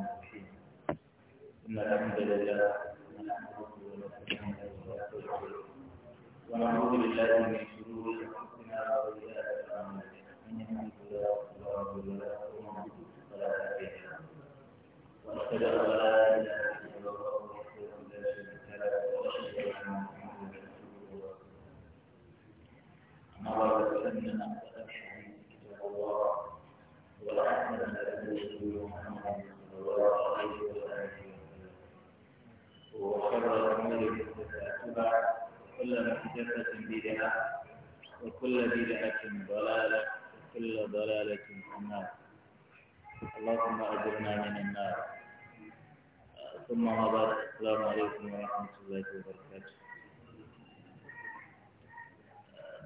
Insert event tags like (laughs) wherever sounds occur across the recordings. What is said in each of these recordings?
الرحمن الرحيم إن الحمد لله ونعوذ بالله من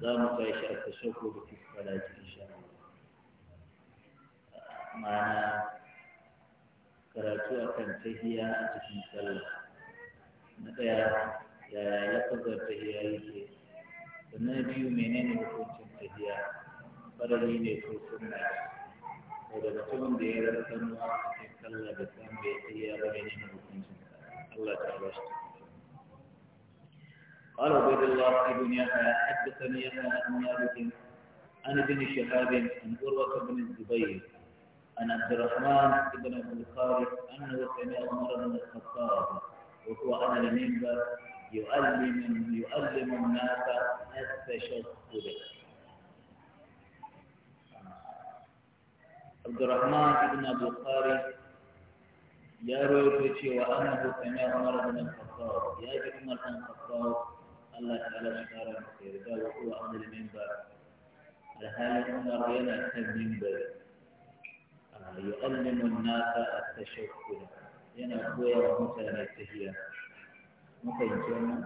za mu shi a kashe ko da kuka da insha Allah ma'ana karatu akan tahiya a cikin sallah na ɗaya yaya kaza tahiya yake sannan biyu menene hukuncin tahiya farari ne ko sunna ko da mutumin da ya rarrafa a cikin sallah da samun ya tahiya ba menene hukuncin Allah ta bashi قال عبيد الله في دنيا حدثني يا عن مالك عن ابن شهاب عن عروة بن الزبير عن عبد الرحمن بن عبد الخالق انه سمع عمر بن الخطاب وهو على المنبر يؤلم يؤلم الناس التشدد عبد الرحمن بن عبد الخالق يروي cewa وانه سمع عمر بن الخطاب يا ابن Umar bin Allah shi kara masa yarda wa huwa amul minbar alhalin Umar yana kan minbar yu'allimu nasa yana koya wa mutane tahiyya muka yi wannan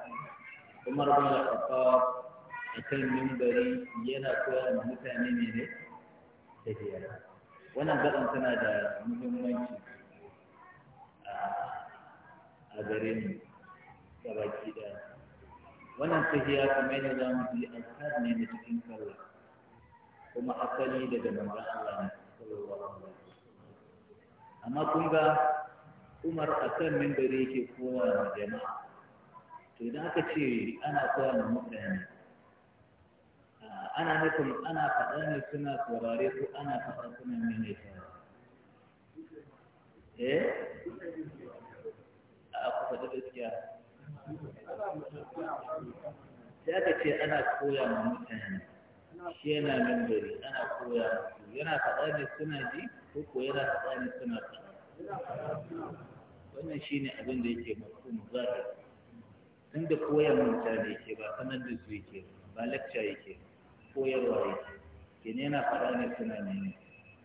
Umar bin Khattab akan minbari yana koya wa mutane ne ne wannan gaban tana da muhimmanci a gare ni gabaki daya wannan tahiya kamar yadda za mu yi azkar ne na cikin kalla kuma asali daga manzon Allah ne sallallahu alaihi wasallam amma kun ga Umar akan minbari yake kowa da jama'a to idan aka ce ana kowa da mutane ana nufin ana faɗa ne suna saurare ko ana faɗa suna mene eh a kusa da gaskiya Ya ta ce ana koya ma mutane shi yana gari ana koya su yana faɗa ne suna ji ko ko yana faɗa ne suna ji wannan shi ne abin da yake mafi muzari tun da koyan mutane yake ba sanar da su yake ba lecture yake koyarwa yake ke ne yana faɗa ne suna ne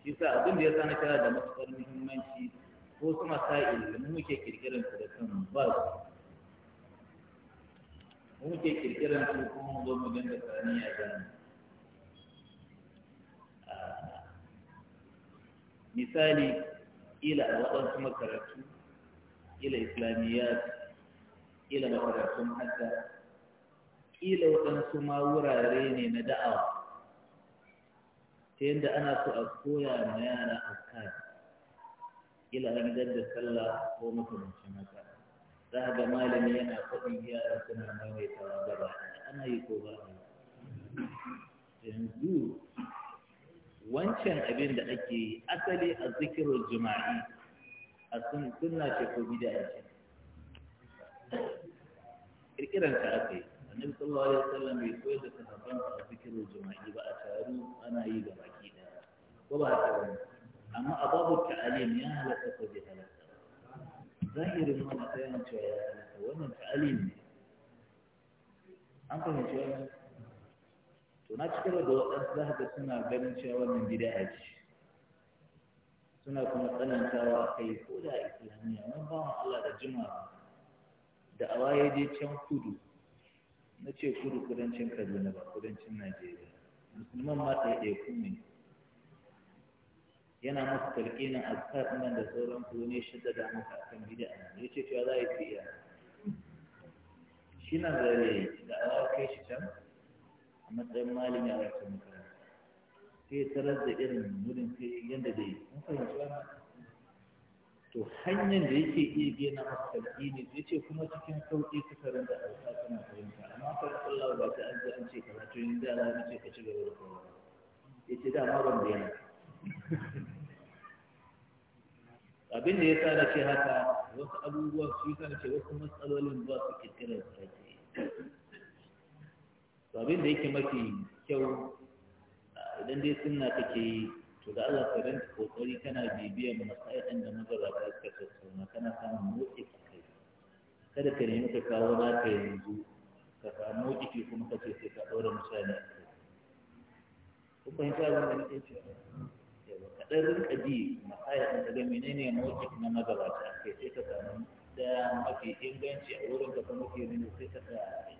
shi sa abin da ya sani tana da matuƙar muhimmanci ko kuma sa'ilin da muke kirkirar su da kan ba su mu muke kirkiran su kuma mu zo mu dinga saniya da ah, misali ila a waɗansu makarantu ila islamiyyat ila makarantun hadda ila waɗansu ma wurare ne na da'awa ta yadda ana so a koya ma yara a kan ila an gidan da sallah ko makamancin haka za ga malami yana faɗin yara suna wa gaba ana yi ko ba yanzu wancan abin da ake yi asali a zikirar jima'i a sunna ce ko bida a ce kirkiran ka aka yi annabi sallallahu alaihi wasallam bai koyar da sahabban a zikirar jima'i ba a taru ana yi ga baki ɗaya ko ba a taru amma a babu ta'alim ya halatta ko bai halatta zahirin wani tsayin cewa ya halatta wannan ta'alim ne an fahimci wannan to na cikar da waɗansu za ka suna ganin cewa wannan a ce suna kuma tsanantawa a kai ko da islamiyya ba mu Allah da jima da a ya je can kudu na ce kudu kudancin kaduna ba kudancin najeriya musulman ma ɗaya ɗaya kun ne yana masa tarkinin azkar nan da sauran ku ne shaddada masa akan bid'a ne yace cewa za a yi shi na zare da awa kai shi can a matsayin malami a wacce makaranta sai tarar da irin wurin kai yadda da yi mun fahimci wannan to hanyar da yake iya gina masa ne zai ce kuma cikin sauƙi suka rinda alƙa suna fahimta amma fa Allah ba ta an ce karatu yin da Allah ce ka ci gaba da kowa yace da ma ban bayyana abin da ya sa da ce haka wasu abubuwan su yi na ce wasu matsalolin ba su kirkirar da ake to abin da yake mafi kyau idan dai sunna take yi to da Allah ka ranta kokari kana bibiyar masayin da magabata suka tattauna kana samun motsi a kai kada ka nemi ka kawo ka yanzu ka samu motsi kuma ka ce sai ka ɗaura misali a kai kun fahimta abin da nake cewa ɗan rinka ji masaya ta ga menene mawqif na magabata ke, sai ka samu da mafi inganci a wurin da kuma ke nuna sai ka tsaya a kai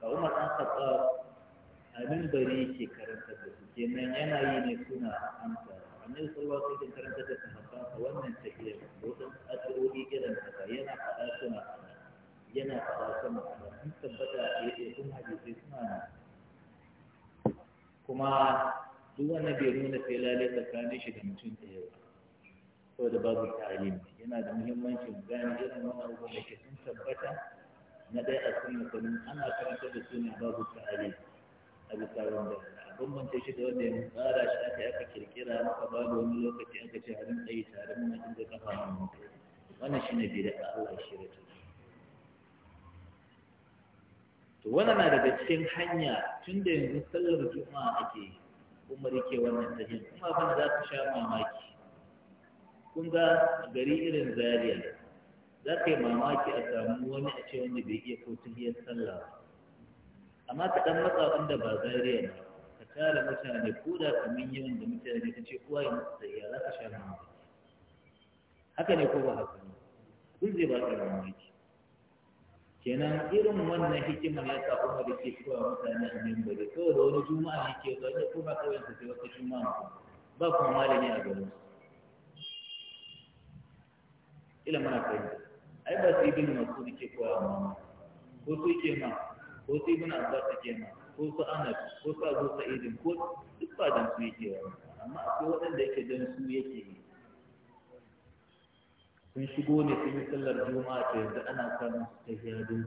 ka umar an saba abin bari ke karanta da su kenan yana yi ne suna amsa annabi sallallahu alaihi wasallam karanta da sahabbansa wannan tahiyya wasu addu'o'i irin haka yana faɗa suna yana faɗa suna sun tabbata da yake sun hadisi suna kuma duk wannan bai nuna sai lalai tsakanin shi da mutum ɗaya ba saboda babu ta'alim yana da muhimmanci mu gane irin wannan abubuwan da ke sun tabbata na ɗaya a cikin kullum ana karanta da su ne babu ta'alim a bisa wanda a bambance shi da wanda ya tsara shi aka aka kirkira ba da wani lokaci aka ce harin tsaye tare muna jin da kafa mu wannan shine bid'a Allah shi rata to wannan na daga cikin hanya tun da yanzu sallar juma'a ake yi Kuma rike wannan tahiyyar kuma abin za ka sha mamaki kun ga gari irin Zariya za ka yi mamaki a samu wani a ce wanda bai iya kotun sallah ba amma ka dan matsa wanda ba Zariya ba ka tara mutane ko da kamar yi wanda mutane ka ce kowa ya musu tahiyyar za ka sha mamaki haka ne ko ba haka ne duk zai ba ka mamaki kenan irin wannan hikimar ya sa kuma da ke kowa mutane a membari kawai da wani juma'a ne ke zuwa ko ba kawai ta sai wata juma'a ba kuma malami a garin su ila mana kai ai ba su masu da ke kowa ma ko su ke ma ko su ibn abbas ke ma ko su anas ko su abu sa'idin ko duk ba dan su yake amma akwai waɗanda yake dan su yake yi sun shigo ne sun yi sallar juma'a ta yanzu ana samun ta hiya don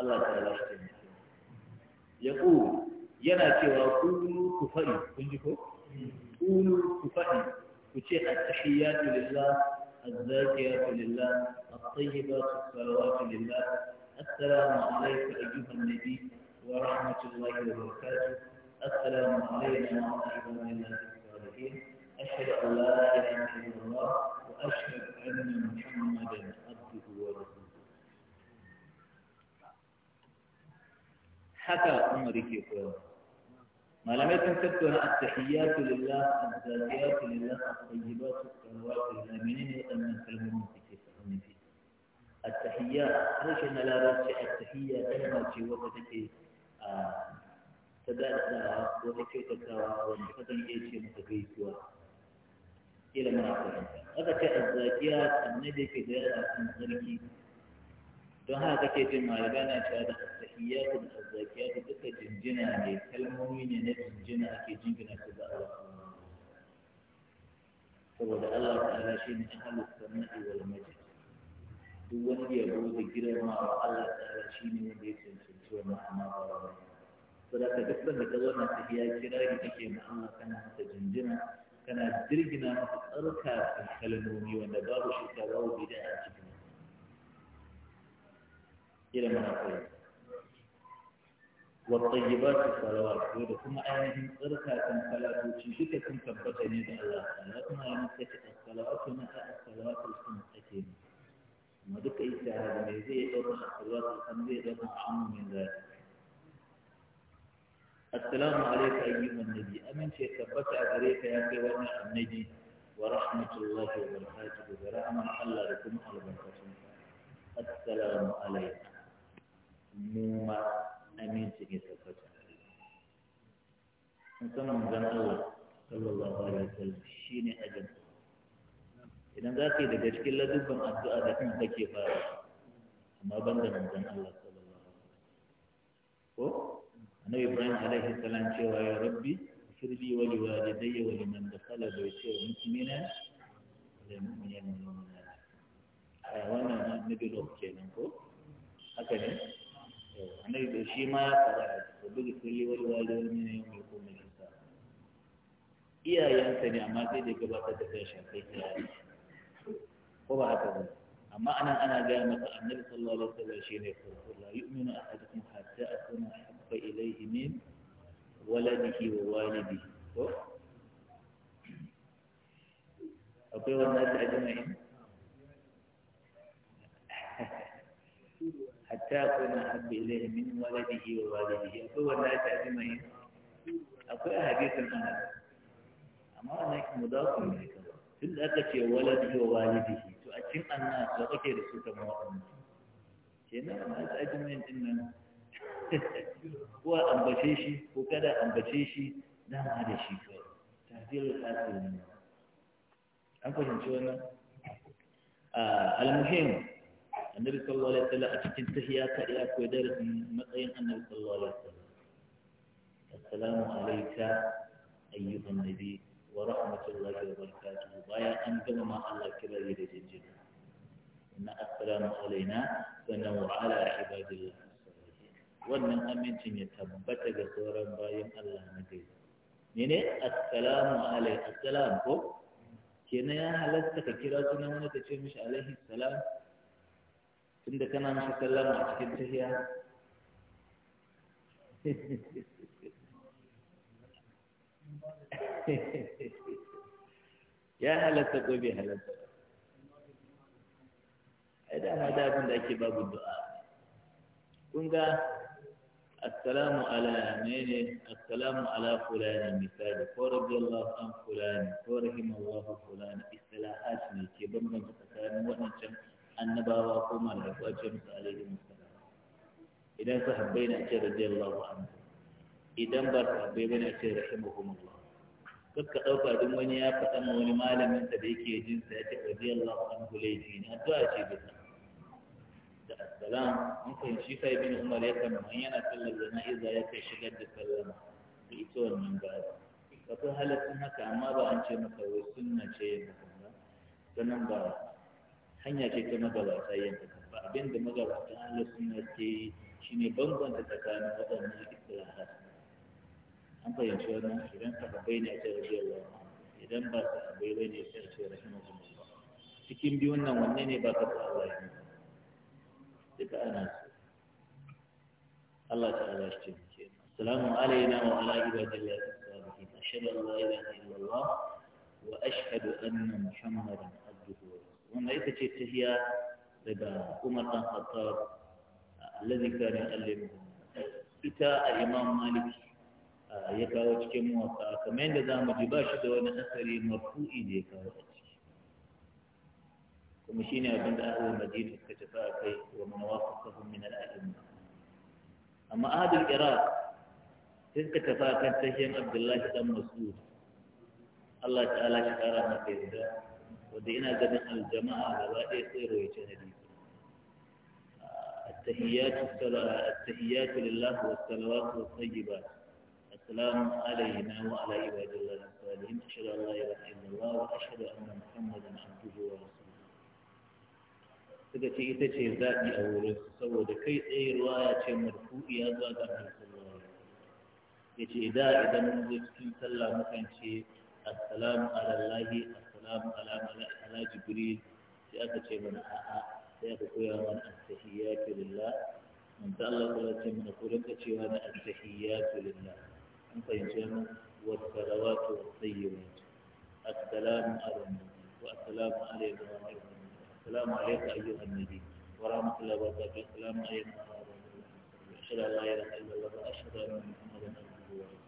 Allah ta lashe ne ya ku yana cewa kulu ku faɗi kun ji ko kulu ku faɗi ku ce at-tahiyatu lillah az-zakiyatu lillah at-tayyibatu salawatu lillah السلام عليك أيها النبي ورحمة الله وبركاته السلام علينا وعلى عباد الله الصالحين أشهد أن لا إله إلا الله وأشهد أن محمدا عبده ورسوله حكى عمر كيف ما لم يكن تكتب التحيات لله الزاكيات لله الطيبات الصلوات الامنين وان كلمه في كيف فيه التحيات ليش ان لا راس التحيه كلمه في وقتك تدعى وتكي تدعى وتكي تدعى وتكي إلى مراقبة هذا كالذاتيات النبي في دائرة المغربي وهذا كيف ما لبانا شهادة التحيات والذاتيات تلك جنجنة عليه كالمؤمنة نفس جنة كي جنجنة تبا الله فوضع الله تعالى شيء من أهل السماء والمجد دون يبوض جرى ما الله تعالى شيء من يبيت سنسوى ما أمار الله فلا تكفر بتوانا تحيات جرى لكي ما الله كان حتى جنجنة kana jirgina masa tsarka kalmomi wanda babu shi ka babu a cikin irin mana koyi والطيبات الصلوات وده كما أيهم تركا كم صلاة وشيشك كم كبتني بالله صلاتنا يمسك الصلوات متى الصلوات الخمس أكيد ما دك إيسا هذا ميزي يدرنا الصلوات الخمس يدرنا عن من ذلك assalamu alaika ayyuhan nabi amince tabbata a gare ka ya kai wannan annabi wa rahmatullahi wa barakatuhu da rahman Allah da kuma albarkatun assalamu alaika mu ma amince ne tabbata musamman zan Allah sallallahu alaihi wasallam shine ajin idan za ka yi daga cikin ladubban addu'a da kan kake fara amma ban da manzon Allah sallallahu alaihi wasallam ko annabi ibrahim alaihi salam cewa ya rabbi sirbi wa liwalidayya wa liman dakhala baytiya mu'mina da mu'minan mu'mina a wannan annabi lot kenan ko haka ne annabi da shi ma ya fara da bugi sirri wa liwalidayya wa liman yakun min hisab iyayensa ne amma sai da gabatar da kai shafai ta ko ba haka ba amma anan ana gaya masa annabi sallallahu alaihi wasallam shine farko la yu'minu ahadukum hatta akuna أحب إليه من ولده ووالده أقول والناس أجمعين حتى أكون أحب إليه من ولده ووالده أقول والناس أجمعين أقول حديث أنا أما أنا مضاف إليك tun da aka ce waladi wa walidihi to a cikin annas da kake da su kamar waɗannan kenan ma ajmin din nan ko ambace shi ko kada ambace shi za mu da shi kawai tafsirul hasil ne an fahimci wannan al-muhim annabi sallallahu alaihi wasallam a cikin tahiyya kada ya koyi darasin matsayin annabi sallallahu alaihi wasallam assalamu alayka ayyuhan nabi wa rahmatullahi wa barakatuh bayan an gama ma Allah kirari da jinjina inna assalamu alaina sannan wa ala ibadillah wannan amincin ya tabbata ga sauran bayan Allah na gari mene assalamu alaikum assalam ko kenan ya halatta ka kira sunan wani ta ce mishi alaihi salam tunda kana mishi sallam a cikin tahiya ya halatta ko bai halatta ai da ma da abin da ake babu du'a kun ga assalamu ala mene fulani misali ko radiyallahu an fulani ko rahimallahu fulani istilahat ne ke bambanta tsakanin waɗancan annabawa ko mala'iku a ce musu alaihi musallam idan sahabbai na ce radiyallahu anhu idan ba sahabbai bane a ce rahimahumullah kakka ɗauka duk wani ya faɗa ma wani malamin da yake jin sa ya ce radiyallahu anhu laifi ne addu'a ce bisa da assalam mun fahimci kai bin umar ya kama, man yana sallar na'iza ya kai shigar da sallama da ita wannan gaba kafin halattun haka amma ba an ce maka wai sunna ce yin hakan ba sannan ba hanya ce ta magabata yin hakan ba abin da magabata halar sunna ke yi ne bambanta tsakanin waɗannan istilahat an fahimci wannan idan sahabbai ne a ce yawa idan ba sahabbai ne sai a ce rahimahumullah cikin biyun nan wanne ne ba ka yi duka ana so Allah ta'ala shi ce assalamu alaina wa ala ibadillahi salihin ashhadu an la ilaha illallah wa ashhadu anna muhammadan abduhu wa rasuluhu wannan ita ce tahiya daga Umar dan Khattab alladhi kana yu'allimu ita al-Imam Malik ah, ya kawo cikin muwatta kamar yadda zamu ji ba shi da wani asari marfu'i da ya kawo a ciki ومشيني أبند أهل المدينة كتفاء كي ومن واقفهم من الأئمة أما أهل العراق تلك كتفاء كان عبد الله بن مسعود الله تعالى شكرا ما في ذا ودينا جميع الجماعة لوادي خير ويتنبي التهيات آه، التهيات لله والصلوات والطيبات السلام علينا وعلى عباد الله الصالحين اشهد ان لا اله الا الله واشهد ان محمدا عبده ورسوله suka ce ita ce zaɓi a wurin saboda kai tsaye ruwa ya ce marfu'i ya zuwa ga annabi sallallahu ya ce da idan mun zo cikin sallah mukan ce assalamu ala allahi assalamu ala ala jibril sai aka ce mana a'a sai aka koya mana attahiyatu lillah man ta Allah kula ce mana ko rinka cewa na attahiyatu lillah an fahimci wani wa salawatu wa tayyibatu assalamu ala nabi wa assalamu alaikum wa rahmatullahi السلام عليك أيها النبي ورحمة الله وبركاته السلام عليكم ورحمة الله وبركاته أشهد أن لا إله إلا الله وأشهد أن محمدا عبده ورسوله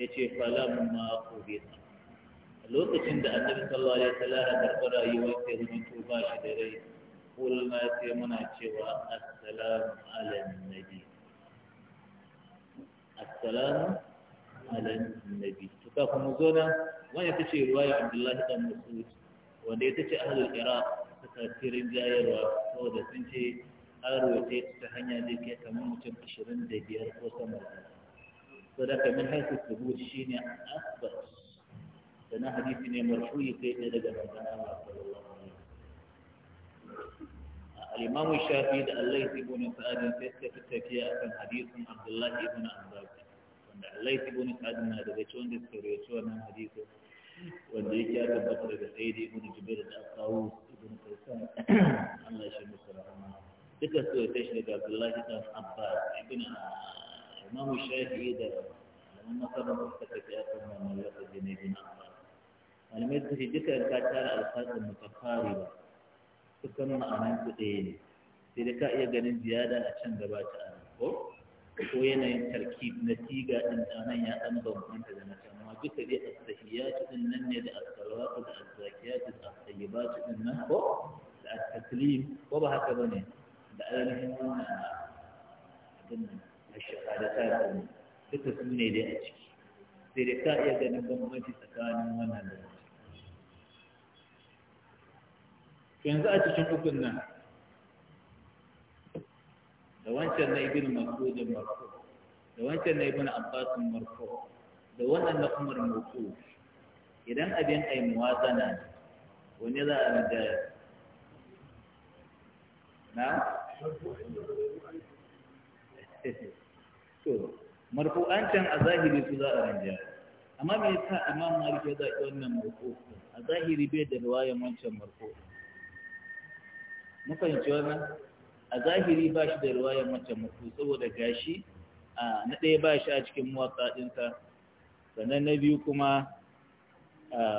yace falamma qubita lokacin da annabi sallallahu alaihi wasallam ya karɓi rayuwar sai mun tuba shi da rai kulma sai muna cewa assalamu ala nabi assalamu ala nabi to kafin mu zo nan wani tace ruwaya Abdullahi dan Mas'ud wanda ya tace ahlul Iraq firin jayarwa da sun ce an rawaita ta hanya da ke kamar mutum ashirin da biyar ko sama da so da kamar haifu subut shi ne asbat da na hadisi ne marfu yi kai ɗaya daga manzon Allah sallallahu alaihi a kan الليث abdullahi ibn سيسك wanda التكية عن حديث عبد الله بن عباس وأن الليث بن سعد من هذا بيتون دي سوريتو عن حديث da sai dai ibn بن da الأقاوس bin duka su shi daga Abdullahi da malaman masabar suka a kan wannan lafazi bin malamai su duka ka tara alfazin mutafari ba su ɗaya ne sai da ka iya ganin ziyada a can gaba ta ko ko yanayin tarki na tiga ɗin ɗanan ya ɗan bambanta da na rabbika bi as-sahiyat din nan ne da as da az-zakiyat da at-tayyibat din nan ko da at-taslim ko ba haka ba ne, da ainihin wannan din ash-shahadatat din duka su ne dai a ciki sai da ka iya ganin bambanci tsakanin wannan da yanzu a cikin ukun nan da wancan na ibn mas'ud marfu da wancan na ibn abbas Marko. da wannan na umar mutu idan abin ai muwazana wani za a rinja na? to can a zahiri su za a rinja amma me sa imam malik ya zaɓi wannan marfu a zahiri bai da riwayan wancan marfu muka yi wannan a zahiri ba shi da riwayan wancan marfu saboda gashi na ɗaya ba shi a cikin muwatsa ɗinka. sannan na biyu kuma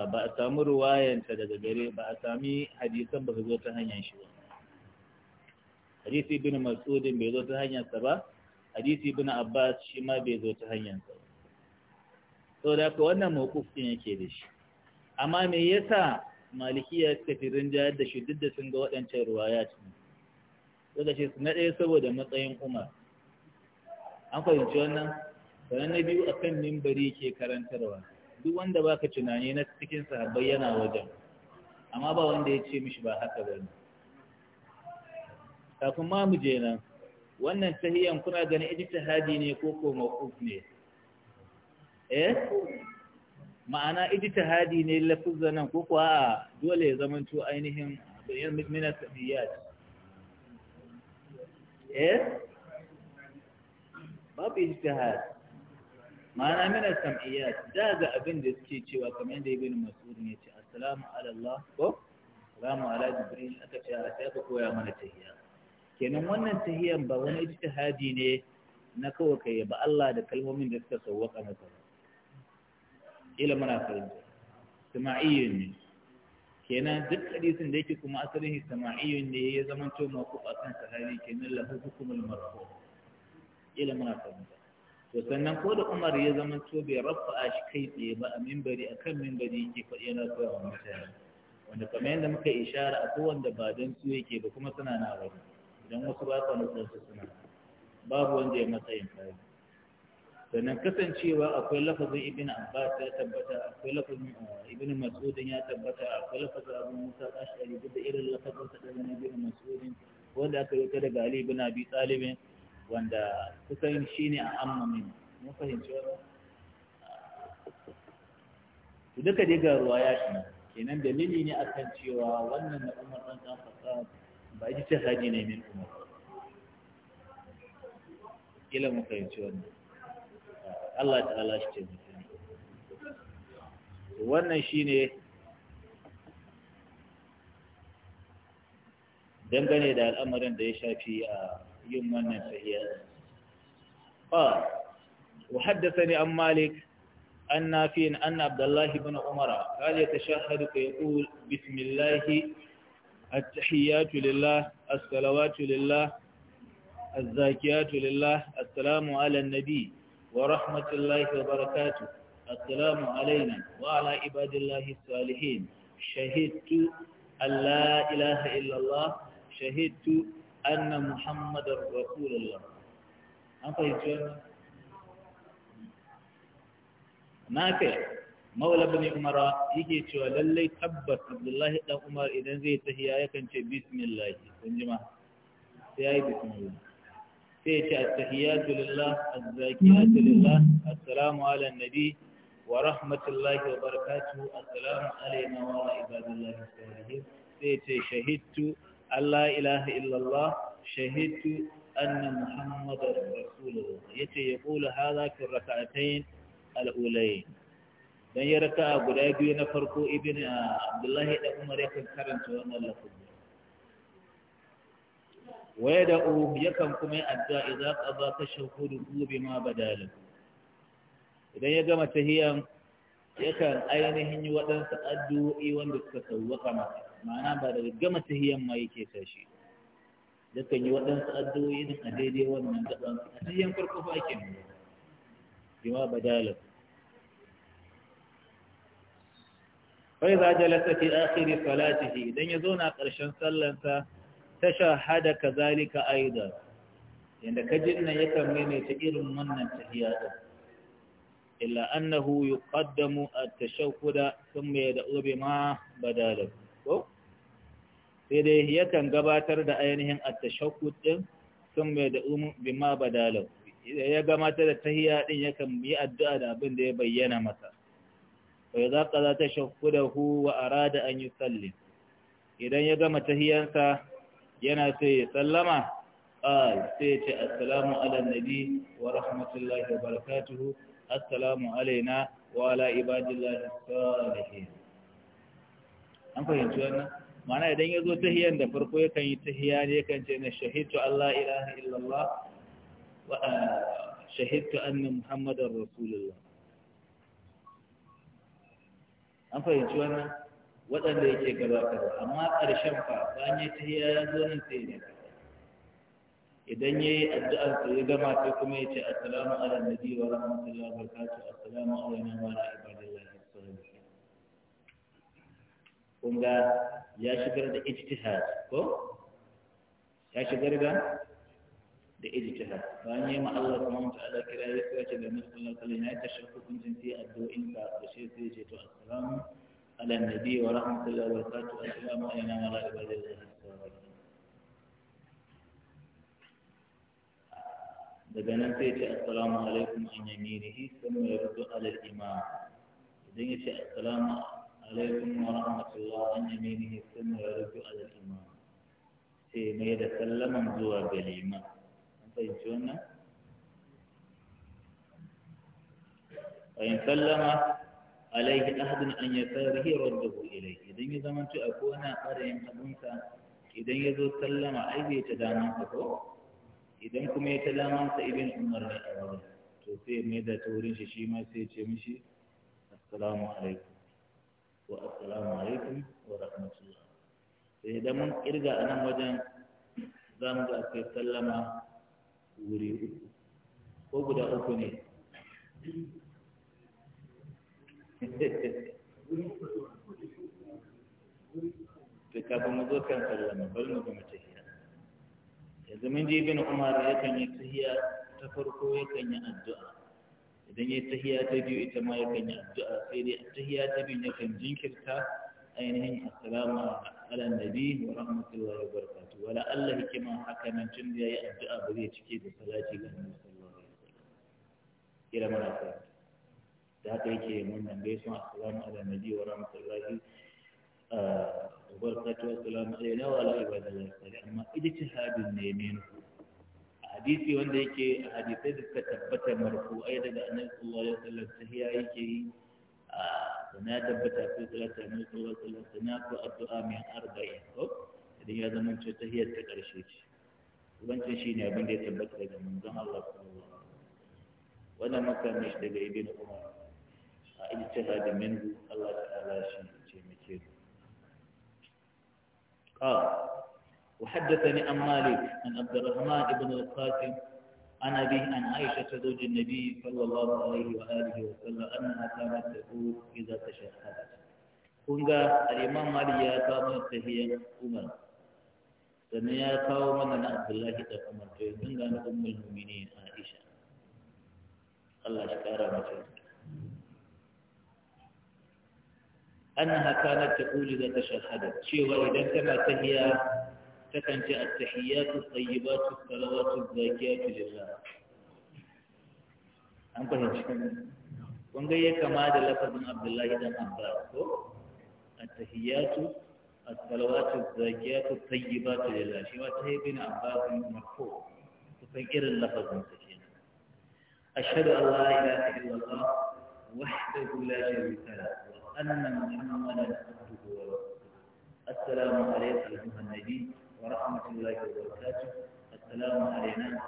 ba a samu ruwayanta daga gare ba a sami hadisan ba su zo ta hanyar shi ba hadisi bin masudin bai zo ta hanyarsa ba hadisi bin abbas shi ma bai zo ta hanyarsa ba sau da ka wannan mawukufin yake da shi amma me yasa malikiya suka fi rinjayar da shi duk da sun ga waɗancan ruwaya ne sau da shi na ɗaya saboda matsayin umar an fahimci wannan sannan na biyu a kan mimbari ke karantarwa duk wanda baka tunani na cikin sahabbai yana wajen amma ba wanda ya ce mishi ba haka ba ne kafin ma mu je nan wannan tahiyan kuna ganin ijtihadi ne ko ko mawquf ne eh ma'ana ijtihadi ne lafuzza nan ko ko a dole ya to ainihin bayan min al eh babu ijtihad ma'ana mina sam'iyya. da ga abin da suke cewa kamar yadda ibn mas'ud ne ce assalamu ala Allah ko assalamu ala jibril aka ce a sai ka koya mana tahiyya kenan wannan tahiyyan ba wani ijtihadi ne na kawai kai ba Allah da kalmomin da suka sauwaka maka ila mana fahimta sama'iyyun ne kenan duk hadisin da yake kuma asalin sama'iyyun ne ya zama to a akan sahabi kenan lahu hukumul marfu ila mana fahimta to sannan ko da Umar ya zama to bai rafa a shi kai tsaye ba a mimbari a kan mimbari yake faɗi yana koya wa mutane wanda kamar yadda muka ishara a wanda ba don su yake ba kuma suna na wani idan wasu ba sa nufin su suna babu wanda ya matsayin kayan sannan kasancewa akwai lafazin ibn abbas ya tabbata akwai lafazin uh, ibn mas'udin ya tabbata akwai lafazin abu musa ashari duk da irin lafazin sa da ibn mas'udin wanda aka yi daga ali ibn abi talib wanda kusan shi ne a amma min mun fahimci wani to duka dai ga ruwa ya shi kenan dalili ne akan cewa wannan na umar ɗan ɗan fasa ba ji ta haji ne min umar ila mun fahimci wani. Allah ta'ala shi ce mutum wannan shi ne dangane da al'amarin da ya shafi a ah, yin wannan tahiyya قال وحدثني عن مالك أن نافع أن عبد الله بن عمر قال يتشهد فيقول بسم الله التحيات لله الصلوات لله الزاكيات لله السلام على النبي ورحمة الله وبركاته السلام علينا وعلى عباد الله الصالحين شهدت أن لا إله إلا الله شهدت anna muhammadar rasulullah an fahimci wannan nafi maula bin umara yake cewa lallai tabbas abdullahi dan umar idan zai tahiya yakan ce bismillah kun ji ma sai yayi bismillah sai ya ce at-tahiyatu lillah az-zakiyatu lillah assalamu ala nabi wa rahmatullahi wa barakatuhu assalamu alayna wa ala ibadillahi salihin sai ya ce shahidtu Allah ilaha illallah shahidu anna Muhammadar Rasulullah yace ya kula hadha fi rak'atayn al-ulayn ya raka'a guda biyu na farko a Abdullahi da Umar ya kan karanta wannan lafazi wa yad'u yakan kuma yi addu'a idza qada gobe ma badalin? idan ya gama tahiyan yakan ainihin yi waɗansu addu'o'i wanda suka sauwaka masa ma'ana ba da gama tahiyan ma yake tashi dukkan yi waɗansu addu'o'i a daidai wannan gaban a tahiyan farko fa ake nuna bima badala za idza jalasa fi akhir salatihi idan ya zauna ƙarshen sallansa zalika aida yadda ka kajin nan yakan maimaita irin wannan tahiya din إلا أنه يقدم التشهد ثم يدعو بما بدا له sai dai yakan gabatar da ainihin at-tashakkud din sun mai da bi ma badalau ya gabatar da tahiyya din yakan yi addu'a da abin da ya bayyana masa wa idza da hu wa arada an yusallim idan ya gama tahiyansa yana sai ya sallama qal sai ya ce assalamu ala nabi wa rahmatullahi wa barakatuhu assalamu alaina wa ala ibadillahi salihin an fahimci wannan mana idan ya zo tahiyan da farko ya kan yi tahiya ne yakan ce na shahidtu Allah ilaha illallah wa ah, shahidtu anna muhammadar rasulullah an fahimci wannan waɗanda yake gabatarwa amma ƙarshen fa bayan ya tahiya ya zo nan sai ne idan ya yi addu'ar su ya gama sai kuma ya ce assalamu ala nabi wa rahmatullahi wa barakatuh assalamu ala nabi wa rahmatullahi kun ga ya shigar da ijtihad ko ya shigar da da ijtihad bayan yayi ma Allah subhanahu wa ta'ala kira ya kira ce da musulman kallon ya tashakkukun jin sai addu'in ka da shi sai ce to assalamu ala nabi wa rahmatullahi wa barakatuh assalamu alayna wa ala ibadillahi salihin daga nan sai ce assalamu alaikum an yaminihi sannan ya rubu alal imam idan ya ce assalamu عليكم ورحمة الله عن يمينه ثم يرد على الإمام في ميدة سلم مزوى بالإمام أنت يجونا وإن سلم عليه أحد أن يساره رده إليه إذن يزمن تأكونا أريم أبنسا إذن يزو سلم أي بيت دامان فتو إذن كم يتلامان سيبين عمر الأول تو سي ميدة تورين شيما سيشي مشي السلام عليكم wa assalamu alaikum wa rahmatullah sai idan mun kirga a nan wajen za mu ga akwai sallama wuri uku ko guda uku ne (laughs) to kafin mu zo kan sallama bari mu gama tahiya yanzu mun je bin umar kan yi tahiya ta farko kan yi addu'a idan ya tahiya ta biyu ita ma yakan yi addu'a sai dai tahiya ta biyu yakan jinkirta ainihin assalamu ala nabi wa rahmatullahi wa barakatuh wala Allah hikima haka nan tun da yayi addu'a ba zai cike da salati ga Annabi sallallahu alaihi wasallam kira mana fara da haka yake wannan gaisuwa assalamu ala nabi wa rahmatullahi wa barakatuh assalamu alaikum wa ala ibadillah amma ijtihadun ne ne hadisi wanda yake hadisai da suka tabbata marfu'ai daga annabi sallallahu alaihi wasallam sahiya yake yi a sana tabbata sai salatu annabi sallallahu alaihi wasallam sana ko addu'a min arba'in ko idan ya zama cewa tahiyar ta karshe ce wancan shine abin da ya tabbata daga manzon Allah sallallahu alaihi wasallam wannan shi daga ibn umar a da minhu Allah ta'ala shi ce muke ka وحدثني عن مالك عن عبد الرحمن بن القاسم عن أبيه عن عائشة زوج النبي صلى الله عليه وآله وسلم أنها كانت تقول إذا تشهدت كنت الإمام مالك يا كام تهي عمر سمع يا كام من عبد الله عمر كنت أنا أم المؤمنين عائشة الله شكرا مثلا أنها كانت تقول إذا تشهدت شيء وإذا كما تهي تكنت التحيات الطيبات الصلوات الزاكيات لله lillah an fahimci kun ga ya kama da lafazin Abdullahi dan Abbas ko الصلوات الزاكيات الطيبات لله شي وتهي بن عباس مرفوع تفكر اللفظ متشين أشهد أن لا إله إلا الله وحده لا شريك له وأن محمدا عبده ورسوله السلام عليكم أيها النبي ورحمة الله وبركاته السلام علينا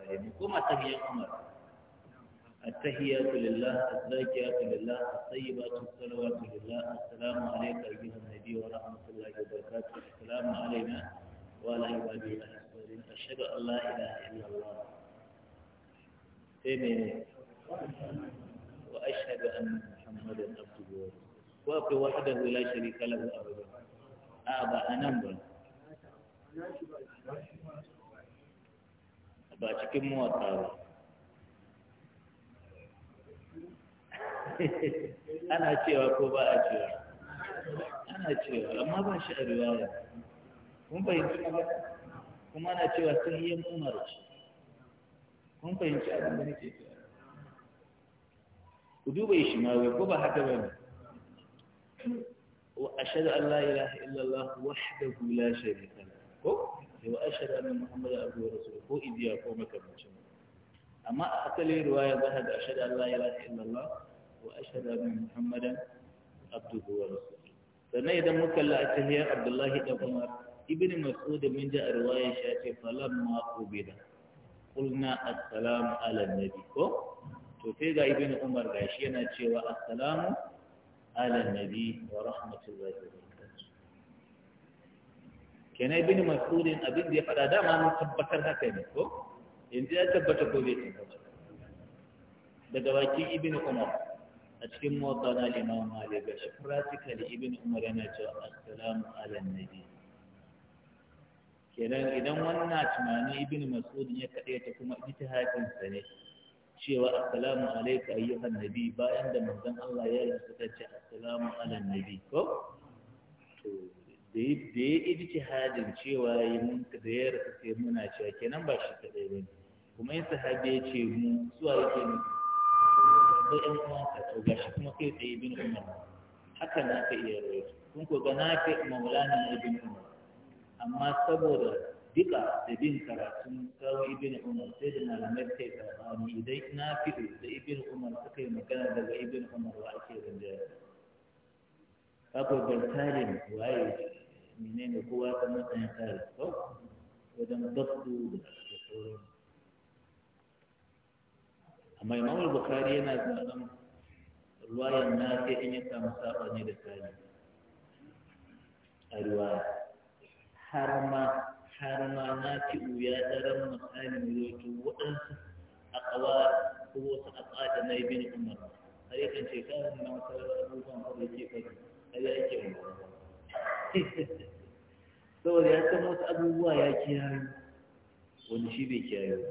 وعليكم التحية عمر التحيات لله الزاكيات لله الطيبات الصلوات لله السلام عليك أيها النبي ورحمة الله وبركاته السلام علينا وعلى عباد الله الصالحين أشهد أن لا إله إلا الله آمين وأشهد أن محمدا عبده ورسوله وأقوى وحده لا شريك له أبدا أبا أنبل ba cikin mawaka ba (laughs) ana cewa ko ba a cewa ana cewa amma ba shi a riwaya kun fahimci magana kuma ana cewa sun yi umar ce kun fahimci abin da nake cewa ku duba shi ma wai ko ba haka ba ne وأشهد أن لا إله إلا الله وحده لا شريك ko yau ashhadu anna muhammadan abduhu wa rasuluhu ko idiya ko makamancin amma a asalin riwaya za ka ga ashhadu an la ilaha illallah wa ashhadu anna muhammadan abduhu wa rasuluhu sannan idan muka la atahiyar abdullahi da umar ibn mas'ud min da riwaya shi ce falamma ubida kulna assalamu ala nabi ko to sai ga ibn umar gashi yana cewa assalamu ala nabi wa rahmatullahi wa barakatuh kenan ibn mas'udin abin da ya faɗa ma mun tabbatar haka ne ko yanzu ya tabbata ko bai tabbata daga baki ibn umar a cikin motsa na limam malik ga practically ibn umar yana cewa assalamu ala nabi kenan idan wannan tunanin ibn mas'ud ya kaɗai ta kuma ijtihadin sa ne cewa assalamu alayka ayyuhan nabi bayan da manzon Allah ya yi ta assalamu ala nabi ko to da ya iji hadin cewa yi mun da ya rasu sai muna cewa kenan ba shi kadai ba ne kuma yin sahabi ya ce mu zuwa yake ne ko ƴan uwansa to ga shi kuma kai tsaye bin umar haka na ka iya rawaito kun ko ga na kai maulana na bin umar amma saboda duka da bin karatun sawo ibn umar sai da malamai kai sabani idan na fito da ibn umar suka yi magana daga ibn umar wa ake rinjaya. Akwai bantarin waye menene kowa ta matsayin kare ko wajen dabbu da sauran amma imam al-bukhari yana zaɓen ruwayar na sai in yi samu saba ne da kare a ruwaya har ma har ma na fi'u ya daren misalin roto waɗansu a ƙawa ko wasu a tsada na bin umar har yakan ce kan nan kawai abubuwan kawai ke kai har ya ke umar saboda ya san wasu abubuwa ya kiyaye wani shi bai kiyaye ba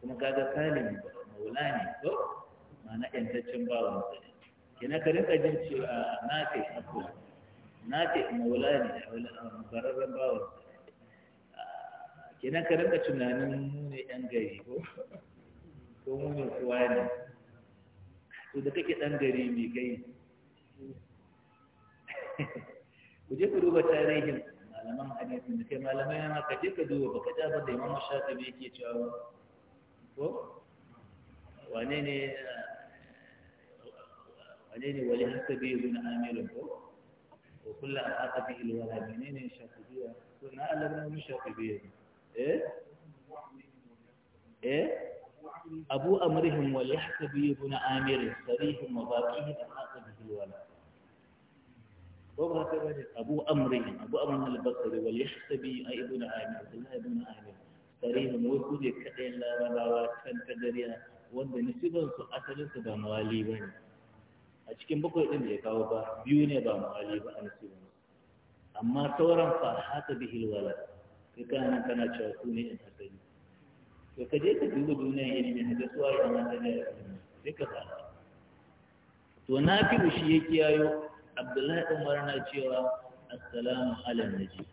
kuma kaga kalin maula ne ko ma'ana yantaccen bawan sa ne kina ka rinka jin cewa na kai akwai na kai maula ne a bararren bawan sa kenan ka tunanin mu ne ƴan gari ko ko mu ne kowa ne to da kake ɗan gari mai gai (laughs) ku je ka duba tarihin malaman hadisi da kai malamai yana ka je ka duba baka ji abin da imam shafi'i yake cewa ko wane ne wane ne wali hasabi ibn amir ko wa kullu aqati il wala menene shafi'i to na Allah ne shafi'i eh eh أبو أمرهم وليحسب ابن عامر صريح وباقيه الحق به الولد وهو هكذا أبو أمر أبو أمر البصري واليحسبي أي ابن عامر عبد الله بن عامر tarihin موجود kuje لا larabawa kan kadariya wanda nisibansu سو ba mawali ba ne a cikin bakwai ɗin da ya kawo ba biyu ne ba mawali ba a nisibansu amma sauran fa haka bihi wala kai nan kana cewa su ne in hasali to ka ka duba duniyar da ne ka to na shi ya kiyayo abdullahi ɗin marana cewa assalamu ala naji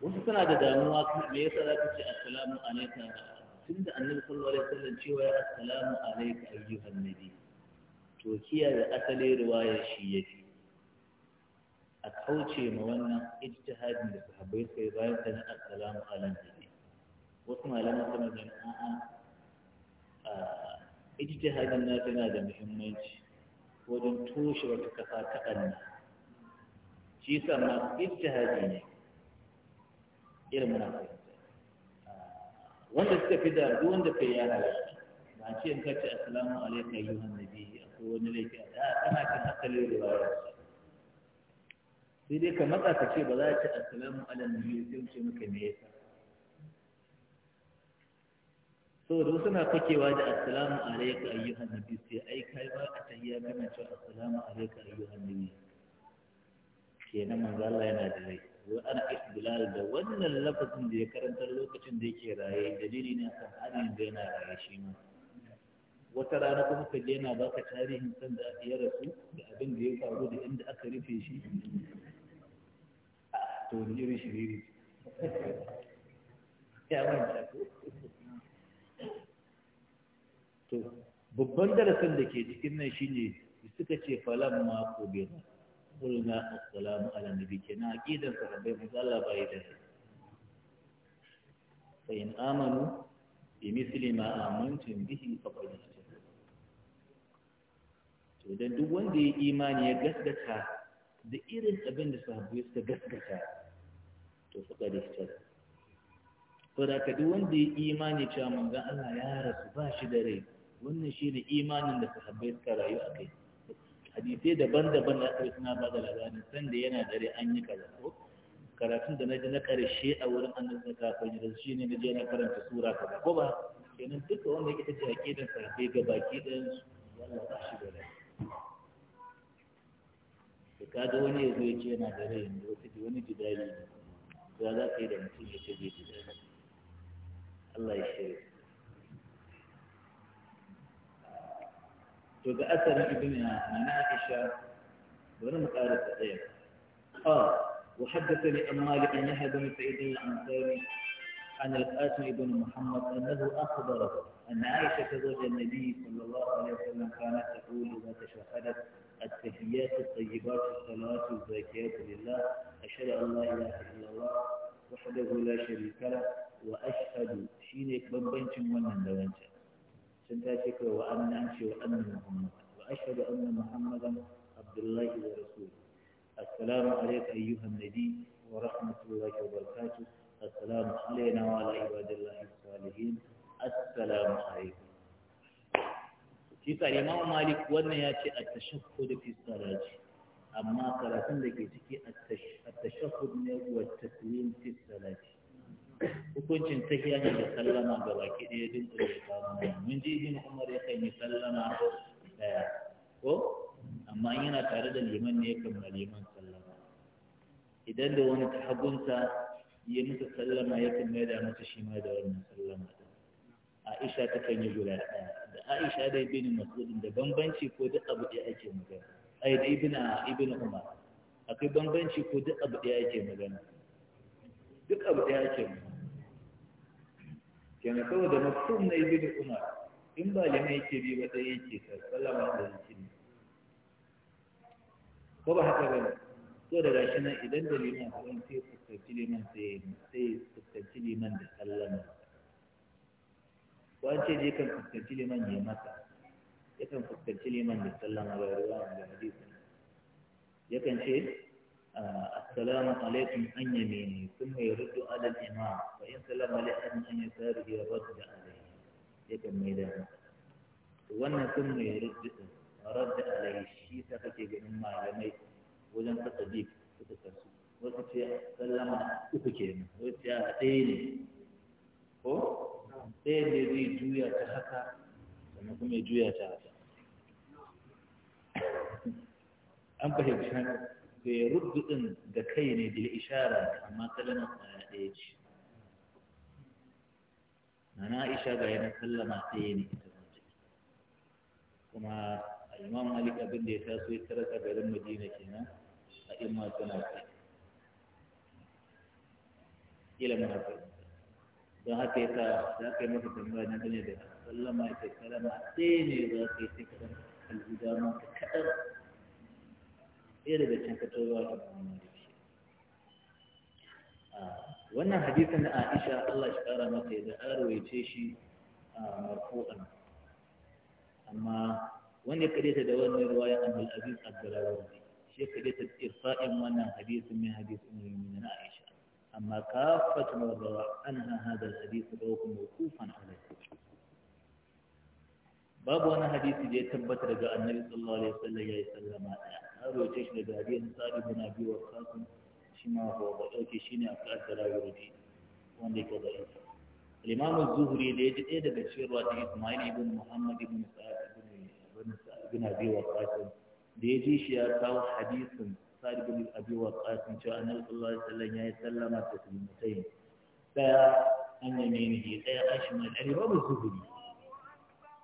wasu suna da damuwa kan me yasa za ka ce assalamu alaika tun da annabi sallallahu alaihi wasallam cewa assalamu alaika ayyuhan nabi to kiyaye asali ruwaya shi yake a kauce ma wannan ijtihadin da sahabbai sai bayan na assalamu ala nabi wasu malaman sama da a'a ijtihadin na tana da muhimmanci wajen toshe wata kafa ta ɓanna shi sa ma ijtihadi ne irin muna fahimta wanda suka fi da duk wanda kai da shi ba ce in kace assalamu alaikum ayyuhan nabi akwai wani laifi a kana kan asalin riwaya sai dai ka matsa ka ce ba za a ce assalamu alaikum nabi sai mu ce maka me yasa saboda wasu na fakewa da assalamu alaika ayyuhan nabi sai ai kai ba a tahiyya kana cewa assalamu alaika ayyuhan nabi kenan manzo Allah yana da rai wa ana istidlal da wannan lafazin da ya karanta lokacin da yake raye dalili ne akan hadin da yana raye shi ma wata rana kuma ka je yana baka tarihin san da ya rasu da abin da ya faru da inda aka rufe shi ah, to ni irin shiriri ya manta ko to babban darasin da ke cikin nan shine suka ce falan ma ko bai kulna assalamu ala nabi kenan aqidan sahabbai manzo Allah bai da fa in amanu bi misli ma amantum bihi faqad to dan duk wanda ya imani ya gaskata da irin abin da sahabbai suka gaskata to faqad ihtada to da ka duk wanda ya imani cewa manzo Allah ya rasu ba shi da rai wannan shi ne imanin da sahabbai suka rayu a kai hadisai daban-daban da aka yi suna ba da labarin sanda yana dare an yi kaza ko karatun da na ji na karshe a wurin annabi kafin da shi ne na je na karanta sura ka ko ba kenan duka wanda ita ce aqidar sahabbai ga baki ɗayan su wallahi ba shi da lafiya ka ga wani ya zo ya ce yana dare yanzu wata wani jidali ne za ka yi da mutum ya ce zai jidali Allah ya shirya to ga ابنها ibn عائشة ولم bari mu قال ta ɗaya qala wa haddathani an malik an عن القاسم بن محمد أنه أخبره أن عائشة زوج النبي صلى الله عليه وسلم كانت تقول إذا تشهدت التحيات الطيبات الصلاة الزاكيات لله أشهد أن لا إله إلا الله وحده لا شريك له وأشهد شينك بنت من بنت sun tashi kai wa anna an ce wa anna muhammad wa ashhadu anna muhammadan abdullahi wa rasuluhu assalamu alayka ayyuhan nabi wa rahmatullahi wa barakatuh assalamu alayna wa ala ibadillahi salihin assalamu alaykum shi tsare imam malik wannan ya ce at-tashakkud fi salati amma karatun da ke ciki a tashakkud ne wa taslim fi salati hukuncin ta ne da sallama ga baki ɗaya duk da ya samu mun ji ibn umar ya kan yi sallama ɗaya ko amma yana tare da liman ne ya kammala liman sallama idan da wani hagunsa ya musu sallama ya kan mai da musu shi ma da wannan sallama Aisha ta kan yi guda ɗaya da Aisha da ibn Mas'ud da bambanci ko duk abu ɗaya ake magana ai da ibn ibn Umar akwai bambanci ko duk abu ɗaya ake magana duk abu ɗaya ake magana kawai da mafhum na ibnu umar in ba limai yake bi ba sai yake sallama da yake ne ko ba haka bane to da gashi nan idan da liman sun sai fuskanci liman sai sai fuskanci liman da sallama ce je kan fuskanci liman ya masa yakan fuskanci liman da sallama ga ruwa da hadisi yakan ce ah, assalamu alaikum an yamini kuma ya ruddu alal imam fa in sallama li an an yasarihi radda alayhi yakan mai da to wannan sun mai rudda radda alayhi shi ta kake ganin malamai wajen tasadiq suka kasu wasu ce sallama uku kenan wasu a ne ko ne zai juya ta haka kuma ya juya ta an fahimci sai ruddu ɗin da kai ne bil ishara amma sallama ɗaya ce أنا عائشة بين سلمة تيني تمجد كما الإمام مالك بن ديساس ويترك بين المدينة هنا فإما تنافي إلى ما أقول ذا تيتا ذا كما تتمرى نبني بها سلمة تسلمة تيني ذا تيتا الهدامة تكأر إلى بشأن كتوبة ومعنى بشأن wannan hadisin na Aisha Allah shi kara mata da aro ya ce shi marfu'an amma wanda ya kadeta da wannan riwaya an al-Aziz Abdurrahman shi kadeta irfa'in wannan hadisin mai hadisin ne na Aisha أما كافة من روى عنها هذا الحديث رواه موقوفا عليه باب وانا حديث جاي تبت رجاء النبي صلى الله عليه وسلم يا سلم هذا وجه لدى حديث سعد بن أبي وقاص shi ma ba ba ɗauke shi ne a ƙasara wurdi wanda yake da ita الإمام الزهري ده يجد إيه ده بشير واتي إسماعيل ya محمد بن سعد بن بن سعد بن أبي وقاص ده يجي شيا كاو حديث سعد بن أبي وقاص إن شاء الله صلى الله عليه وسلم يسلم تسليمتين لا أن يمينه لا أشمل الإمام الزهري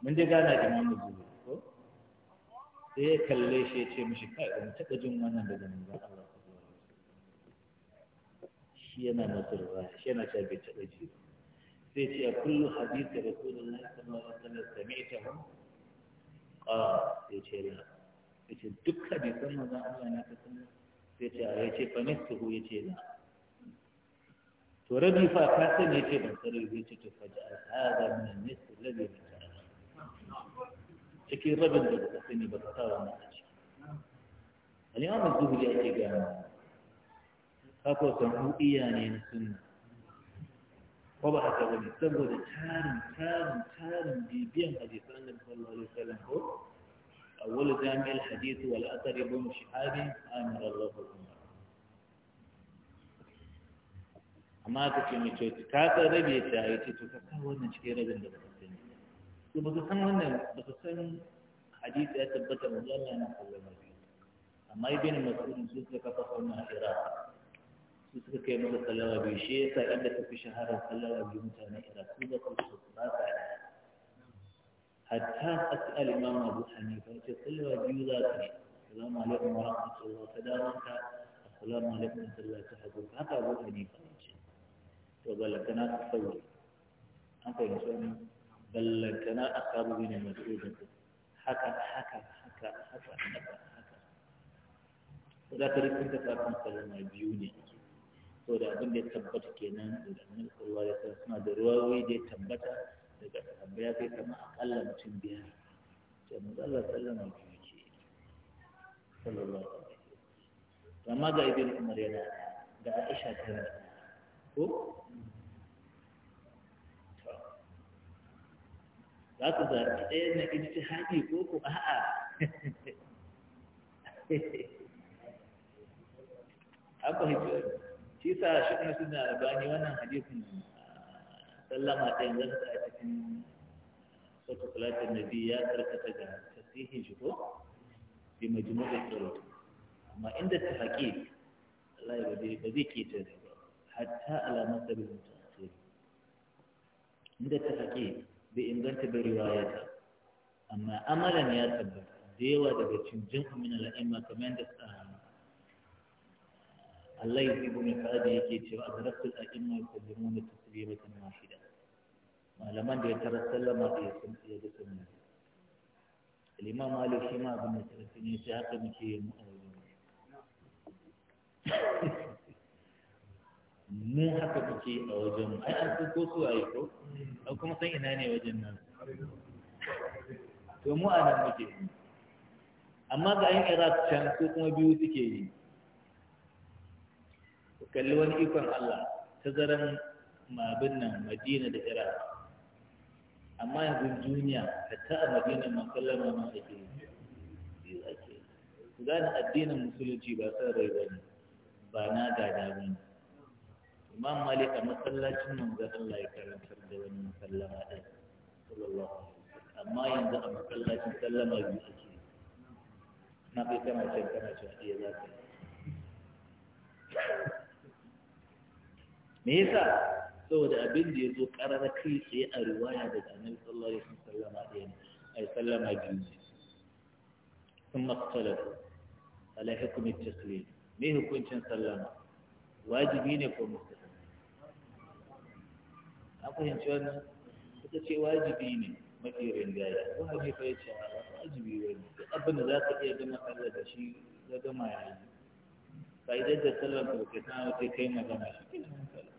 من ده قال الإمام الزهري sai kalle shi ya ce mishi kai ban jin wannan daga Allah شيء أنا مسرور شيء أنا شايف تجربة فيتي كل حديث رسول الله صلى الله عليه وسلم سمعته آه فيتي لا فيتي دك حديث ما ذا الله أنا كسم فيتي أي شيء بنيته هو يتي لا تردي فاكاسة نيتي بنصري فيتي تفجأ هذا من النس الذي بتعلم تكي ربن بلتقيني بطاوة ما أشياء اليوم الزهر يأتي قامل haka sam'u'iyya ne na sunna ko ba haka bane saboda tarin tarin tarin bibiyan hadisan annabi sallallahu alaihi wasallam ko awwal jami'il hadith wal athar ibn shihab amir Allah kuma amma ka ce mai cewa ka ka rabe ta yi ce to ka san wannan cikin rabin da ba ka sani to ba ka san wannan ba ka san hadisi ya tabbata manzo Allah na sallama amma ibn mas'ud sun ka kafa wannan iraq su suka kai masa sallawa biyu shi ya sa inda ta fi shaharar sallawa biyu mutane iraki ba su su ba sa da hatta aka alimam abu hanifa ce sallawa biyu za su ne salamu alaikum wa rahmatullah ta damanta assalamu alaikum wa rahmatullah ta hagu haka abu hanifa ya ce to ballantana ta sauri an fahimci wani ballantana a sabu ne masu da haka haka haka haka haka haka. Wadda ta rikin ta sakon salama biyu ne a so da abin da ya tabbata kenan daga annabi sallallahu alaihi wasallam suna da ruwayoyi da ya tabbata daga sahabbai ya kai kamar akalla mutum biyar sai manzo Allah sallallahu alaihi yake sallallahu alaihi wasallam amma ga ibn umar yana da Aisha tana ko za ku zaɓi ɗaya na ijtihadi ko ko a'a (laughs) an fahimci wani shi sa shi kuma suna albani wannan hadisin ah, sallama ta yanzu ta a cikin ah, sauka salatin nabi ya karkata ga tasirin shi ko bi da tsoro amma inda ta haƙi Allah ya ba zai ke ta ba hatta alaman sabin mutasiri inda ta haƙi bai inganta bai ta, amma amalan ya tabbata da yawa daga cikin kuma na la'imma kamar yadda ah, الله يذيبني فأدي يكيتي وأدركت الأئمة يكلمون تسليمة واحدة ما لم أن يترسل ما في الإمام مالك شما بن ترسل يتعاق مكي مؤلم (laughs) مو حتى مكي أوجم أي أنت كوكو أيكو أو كما سيئن أني أوجم تو مو أنا مكي أما دعين إراد شانكو كما بيوتي كيجي kalli wani ikon Allah tazaran mabin nan madina da iraq amma yanzu duniya ta a madina masallama ma ake yi ake gane addinin musulunci ba san rai ba ne ba na gada ba ne imam malik a masallacin manzon Allah ya karantar da wani masallama ɗin sallallahu amma yanzu a masallacin sallama biyu ake na kai kana can kana can iya za ka yi me yasa saboda abin da ya zo ƙarar kai tsaye a riwaya daga annabi sallallahu alaihi wasallam ɗaya ne ai sallama biyu ne sun maktalar ala hukumin taslim me hukuncin sallama wajibi ne ko mustahabi an fahimci wannan kuka ce wajibi ne mafi rinjaya ko hanifa ya ce wajibi ne duk abin da za iya gama sallar da shi ya gama yayi idan da sallar ka kai sana kai magana shi kenan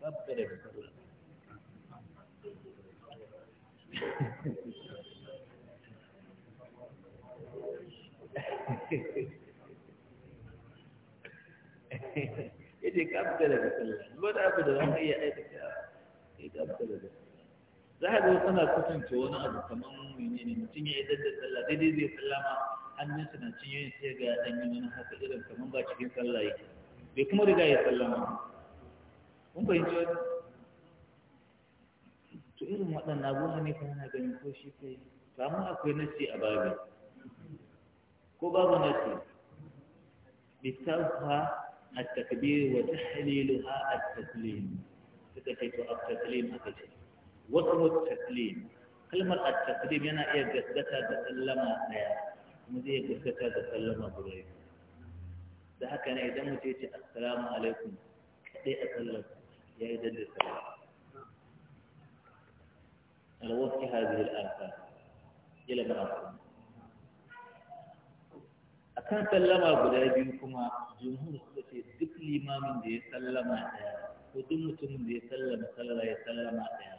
yace ka fita daga sallah wani abu da zaka iya aikata kai ka fita daga za a ga suna kusance wani abu kamar ya yi da haka irin kamar ba cikin sallah yake kuma riga ya sallama mun fahimci wani to irin waɗannan abubuwa ne kuma na ganin ko shi kai to amma akwai nasi a babu ko babu nasi wa a ha bitawha التكبير وتحليلها التسليم تكتب التسليم أكتب وضع التسليم kalmar at-taslim yana iya gaskata da sallama ɗaya, kuma zai iya gaskata da sallama guda da haka ne idan mutum ya ce assalamu alaikum kaɗai a sallar da يا يدل السماء على وفق هذه الآثار إلى مراتب akan sallama guda biyu kuma jumhur suka ce duk limamin da ya sallama ɗaya ko duk mutumin da ya sallama sallah ya sallama ɗaya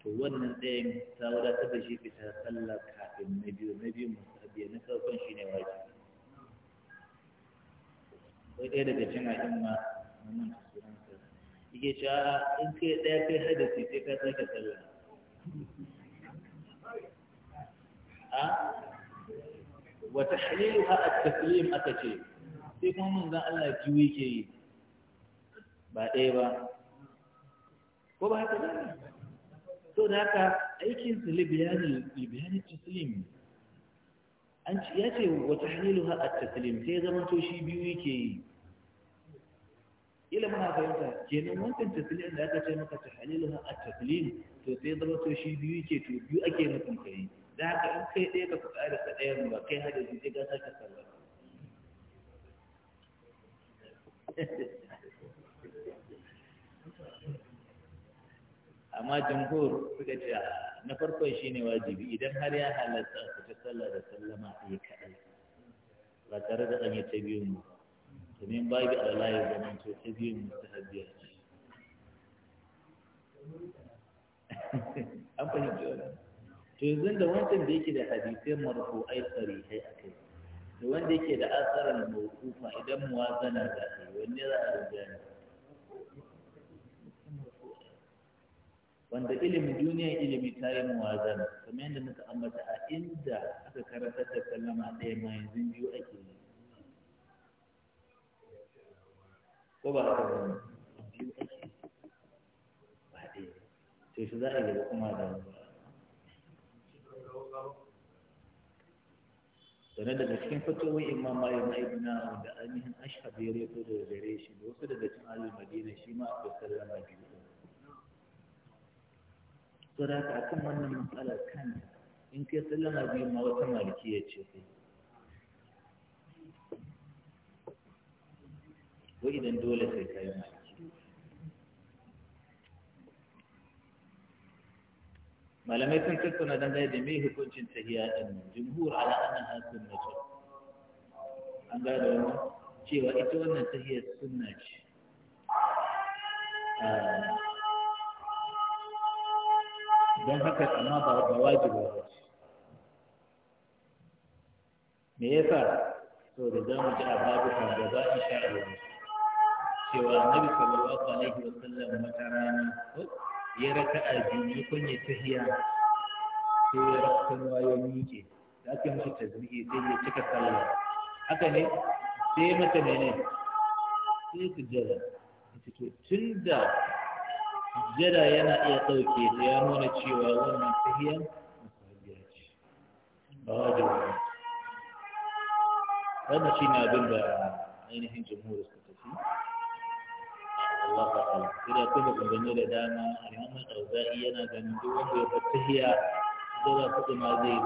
to wannan ɗayan ta wadatar da shi fita sallah kafin na biyu na biyu musabi na farkon shi ne wajibi sai ɗaya daga cin a'imma wannan yake sha'a in kai ɗaya kai hadasi sai ka sake sallah a wa tahliluha at-taslim aka ce sai kuma mun zan Allah biyu ke yi ba ɗaya ba ko ba haka ba so da haka aikin su Libyanin libyani taslim an ya ce wa tahliluha at-taslim sai zaman to shi biyu yake yi ila muna fahimta kenan wancan taslim da aka ce maka tahlilu ha a taslim to sai zama to shi biyu ke to biyu ake mutum kai da haka in kai ɗaya ka faɗa da ɗaya ba kai hada shi sai ka saka sallah amma jamhur suka ce ah, na farkon shine wajibi idan har ya halatta a fita sallah da sallama ɗaya kaɗai ba tare da an yi ta biyun ba domin ba da ala ya zama to ta biyu mustahabbiya ce (laughs) an fahimci wannan to yanzu da wancan da yake da hadisai tsari kai a kai da wanda yake da asarar mawqufa idan muwazana za a wanne za a ne. wanda ilimin duniya ilimi ta yi muwazana kamar yadda muka ambata a inda aka karanta da sallama ɗaya ma yanzu biyu ake yi ko ba haka ba biyu ba ɗaya to shi za a yi kuma da sannan daga cikin fatowar imam malik na ibn da ainihin ashabi ya reto da gare shi da wasu daga cikin alul madina shi ma akwai sallama biyu to da haka akan wannan matsala kan in kai sallama biyu ma wata ya ce kai وإذاً دولة سيساعد ما لم يكن كنتنا دم دا دميه كنت انتهياء جمهور على أنها سنة عن بعد أن شيء وإتو أن انتهياء سنة ذلك أما بعض مواجب الرجل ميسا سوري دام جاء بابك عن جزاء شعر المسلم cewa annabi sallallahu alaihi wa sallam wata rana ya raka a jini kun ya tahiya sai ya raka kan wayo miƙe da ake mashi tazmihi sai ya cika sallah haka ne sai mata mene sai sujjada tun da jira yana iya ɗauke da ya nuna cewa wannan tahiya ba ba wannan shi ne abin da ainihin jamhuri suka tafi Allah ta'ala sai da kuma gangane da dama al-Imam Al-Auza'i yana ganin duk wanda ya fatahiya da za ku ma zai yi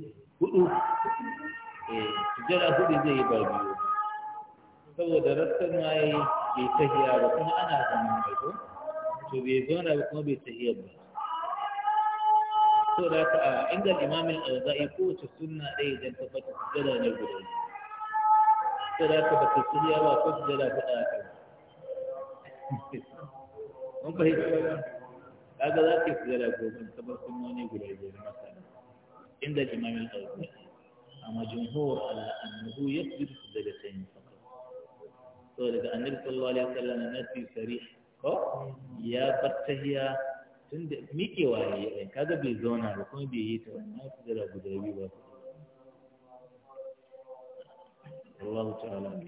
biyu hudu eh sujjada hudu zai yi ba biyu eh, saboda rassan yi bai tahiya ba kuma ana zaman mai ko to bai zauna ba kuma bai tahiya ba to da ka inda Imam al ko kowace sunna ɗaya idan ta fata sujjada ne guda ثلاثة بكتيريا وفضل ثلاثة هم بحيث هذا لا كيف ثلاثة من تبر ثمانية يقول عزيزي مثلا عند الإمام الأوزاني أما جمهور على أنه يقبل فضلتين فقط فلذا أن نبي صلى الله عليه وسلم نفي صريح يا ان تند ميكي واهي يعني كذا بيزونا لكم بيجي تقول ما فضل أبو دابي واسطة والله تعالى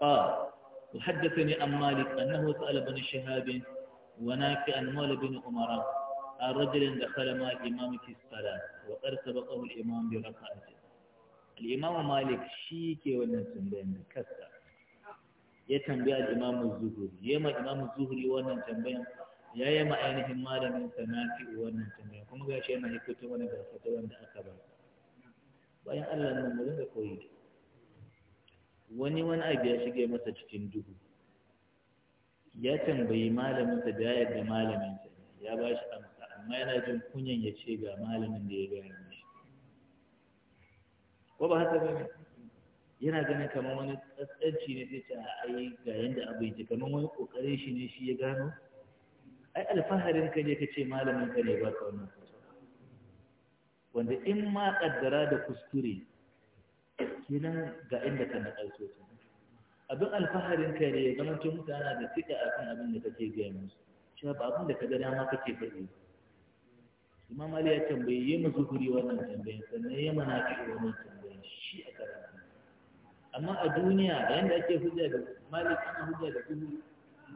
قال وحدثني عن مالك أنه سأل بن شهاب ونافع عن مولى بن عمر عن رجل دخل مع الإمام في الصلاة وقد سبقه الإمام بركعة الإمام مالك شيكي ونسن بين كسر ya tambaya imamu zuhuri ya ma imamu zuhuri wannan tambayan ya yi ma ainihin malamin sanafi wannan tambayan kuma ga shi yana hikuto wani gasa fata wanda aka ba bayan Allah nan mu dinga koyi da wani wani abu ya shige masa cikin duhu ya tambayi malaminsa da ya yadda malaminsa ya ba shi amsa amma yana jin kunyan ya ce ga malamin da ya gane shi ko ba haka bane yana ganin kamar wani tsatsanci ne zai ce ai ga yadda abu yake kamar wani kokarin shi ne shi ya gano ai alfaharin ka ne ka ce malamin ka ne ba ka wannan wanda in ma kaddara da kuskure kenan ga inda ka na ƙarso ta abin alfaharin kai ne ya zama tun mutane da tsika a kan abin da kake gaya musu cewa ba abin da ka ga ma kake faɗi imam ali ya tambaye ya mu zuhuri wannan tambayin sannan ya mana fi wannan tambayin shi a karanta amma a duniya da da ake hujja da malik ana hujja da zuhuri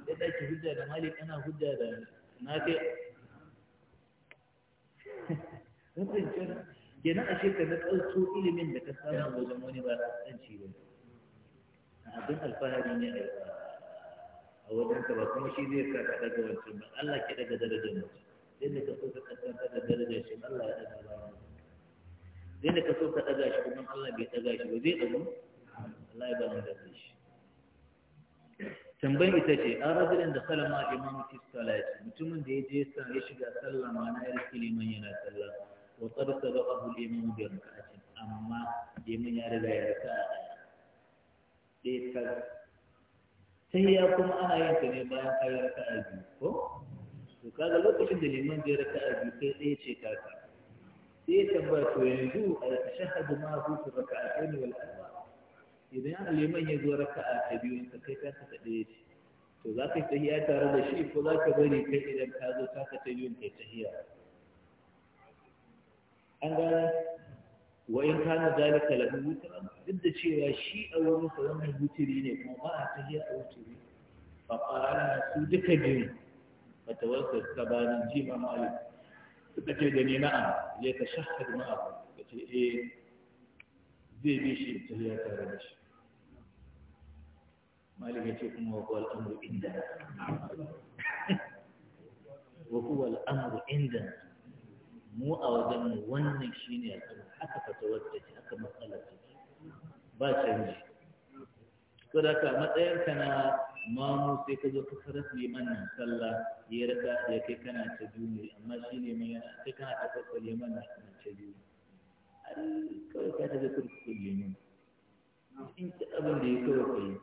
yadda ake hujja da malik ana hujja da nafi mun tsinci kenan ashe ka na ɗauko ilimin da ka samu wajen wani ba ciwo. ba abin alfahari ne a A wajen ka ba kuma shi zai sa ka daga wancan ba Allah ke daga darajar mutum yadda ka so ka kasanta da darajar shi Allah ya daga ba yadda ka so ka daga shi kuma Allah bai daga shi ba zai dago Allah ya ba mu daga shi Tambayin ita ce an rajulin da salama imam fi salati mutumin da ya je sa ya shiga sallah ma na yarki liman yana sallah wa qad sabaqahu al-imam bi rak'atin amma liman ya riga ya raka dai ta ya kuma ana yin ta ne bayan kai raka biyu ko to kaga lokacin da liman zai raka biyu kai tsaye ce ka sai ya tambaya to yanzu ya zo raka'a ta kai ɗaya to za ka yi tahiya tare da shi ko za ka bari kai idan ka zo ta ka ta biyun tahiya an gane wa in kana zalika lahu wutran duk da cewa shi a wurin sa wannan wutiri ne kuma ba a tahiya a wutiri fa qala su duka biyu fa tawakkal tabani jima malik suka ce da ni na'am ya ka shahhad ma'a ka ce eh zai bi shi tahiya tare da shi malik ya ce kuma wa qala amru inda wa huwa al-amru indana mu a wajen mu wannan shine al'amari haka fatawar ta ce haka matsalar ce ba canji ko da ka matsayar ka na mamu sai ka zo ka su liman nan sallah ya raka ya kai kana ta duniya amma shine mai kai kana ta farko liman nan kana ta duniya ai kawai ka tafi kurkukun liman in ta abin da ya kawai ka yi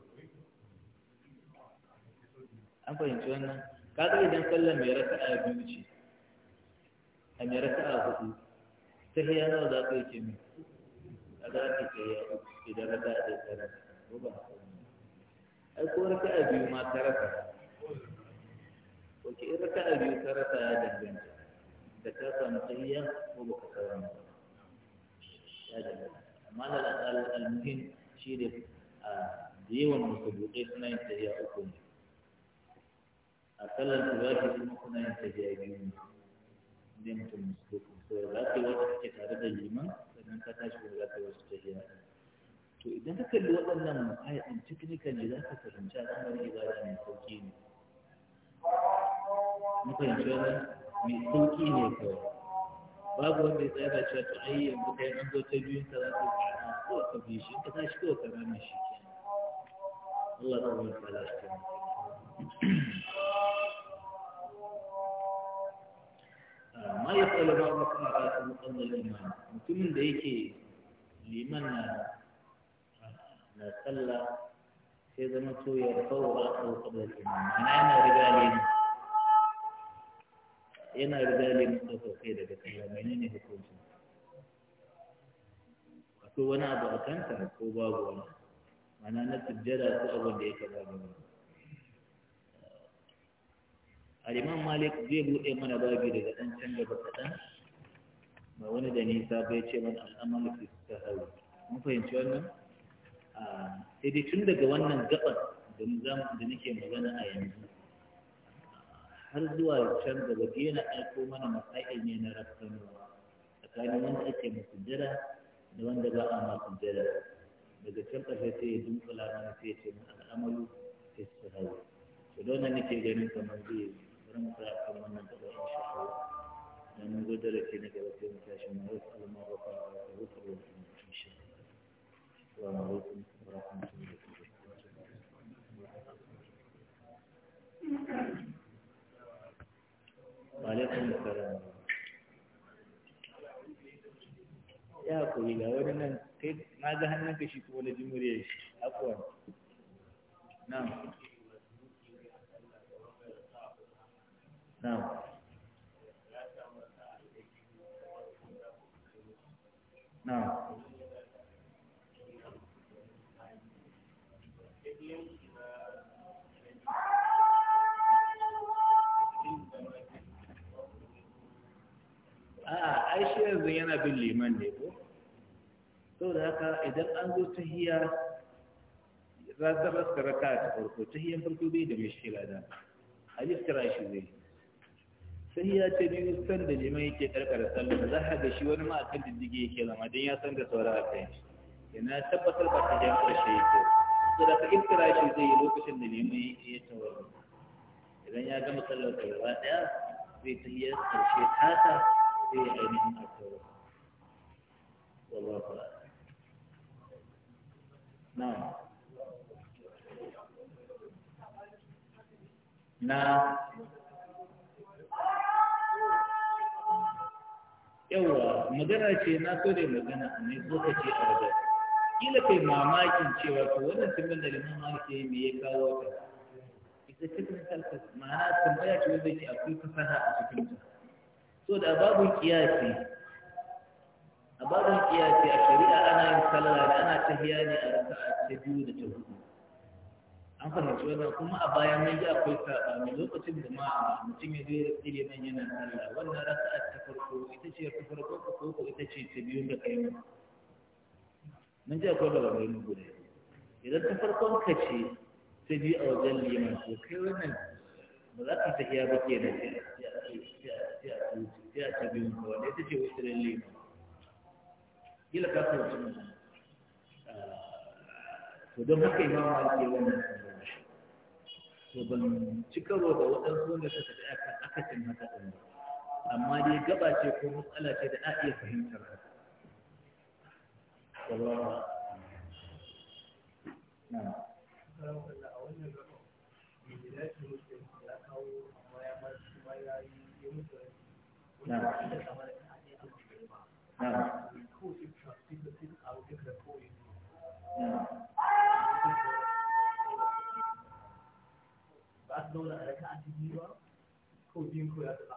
an fahimci wannan kaga idan sallah mai a biyu ce a mai raka'a hudu ta hiya nawa za ka yi ce min a za ka ce ya uku idan raka'a ɗaya ta rasa ko ba haka ne ai ko raka'a biyu ma ta rasa wace in raka'a biyu ta rasa ya danganta da ta samu ta hiya ko ba ka tsara ba ya danganta amma da al'almuhin shi ne a yawan buɗe suna yin tahiya uku ne a kallon sallar tubaki kuma suna yin tahiya biyu ne sai mutum musulun so za ka yi wata kake tare da liman sannan ka tashi ko za ta yi ta tafiya to idan ka kalli waɗannan ayatun cikin ne za ka fahimci al'amarin ibada mai sauƙi ne mafahimci wani mai sauƙi ne kawai babu wanda ya tsaya cewa to ai yanzu kai an zo ta biyun ka za ka yi kawai ka bi shi ka tashi kawai ka rame shi kenan Allah ta wani falashi kenan ma ya ba ba kuma ba ta mutsalla liman mutumin da yake liman na na sallah sai zama to ya kawo ba ta liman yana riga liman yana riga da sosai daga sallah menene hukuncin akwai wani abu a kanta ko babu wani mana na sujjada ko abin da ya kama da wani al'imam malik zai buɗe mana babi daga ɗan can gaba kaɗan ba wani da nisa bai ce mana al'amal fi hau mun fahimci wannan sai dai tun daga wannan gaɓar da nake magana a yanzu har zuwa can gaba yana aiko mana masail ne na rafsanuwa tsakanin wanda ake masujjada da wanda ba a masujjada daga can ƙarshe sai ya dunkula mana sai ya ce mana al'amalu fi hau to dole nan nake ganin kamar zai san tsaya kan wannan gaba in sha Allah dan mun gode da ke na gaba sai mu tashi mu wasu alma ba ka da ku ku ku in sha Allah wa alaikum wa rahmatullahi wa barakatuh wa alaikum assalam ya koyi ga wani nan kai na ga hannunka shi kuma na ji muryar shi akwai na'am a'a ai yanzu yana bin liman ne ko da haka idan an zo tahiya za ta baskara ka ta farko tahiyan farko bai da mishkila da hadis kira shi zai sai ya ce ni san da liman yake karkar sallah za a ga shi wani ma akan diddige yake zama don ya san da saura a kai yana tabbatar ba ta jan shi yake so da ka iftira shi zai yi lokacin da liman ya tawar idan ya gama sallar ta gaba daya zai ta yi karshe tata sai ya ainihin a tawar wallahu na na yawa magana ce na so da magana a mai lokaci a wajen kila kai mamakin cewa to wannan tambayar da liman malik yayi me ya kawo ta ita technical kalfas ma'ana tambaya ce wanda ke akwai fasaha a cikin ta so da babu kiyasi a babu kiyasi a shari'a ana yin sallah da ana tahiya ne a raka'a ta biyu da ta hudu an fahimci wannan kuma a baya mai ji akwai mai lokacin da ma mutum ya zai tsire nan yana sallah wannan raka'a ta farko zuciyar ta ka ko ita ce ta biyu da kai mun ji akwai idan ta farkon ka ce ta biyu a wajen liman to kai wannan ba za ka tafiya ba ke da sai a ta biyu ka wanda ita ce liman gila ka ah, to don haka wannan to ban da waɗansu wanda suka tsaya kan akasin haka ɗin ba amma dai gaba ce ko matsala ce da a iya fahimtar ba a zauna a raka a cikin ba ko biyun ko ya taɓa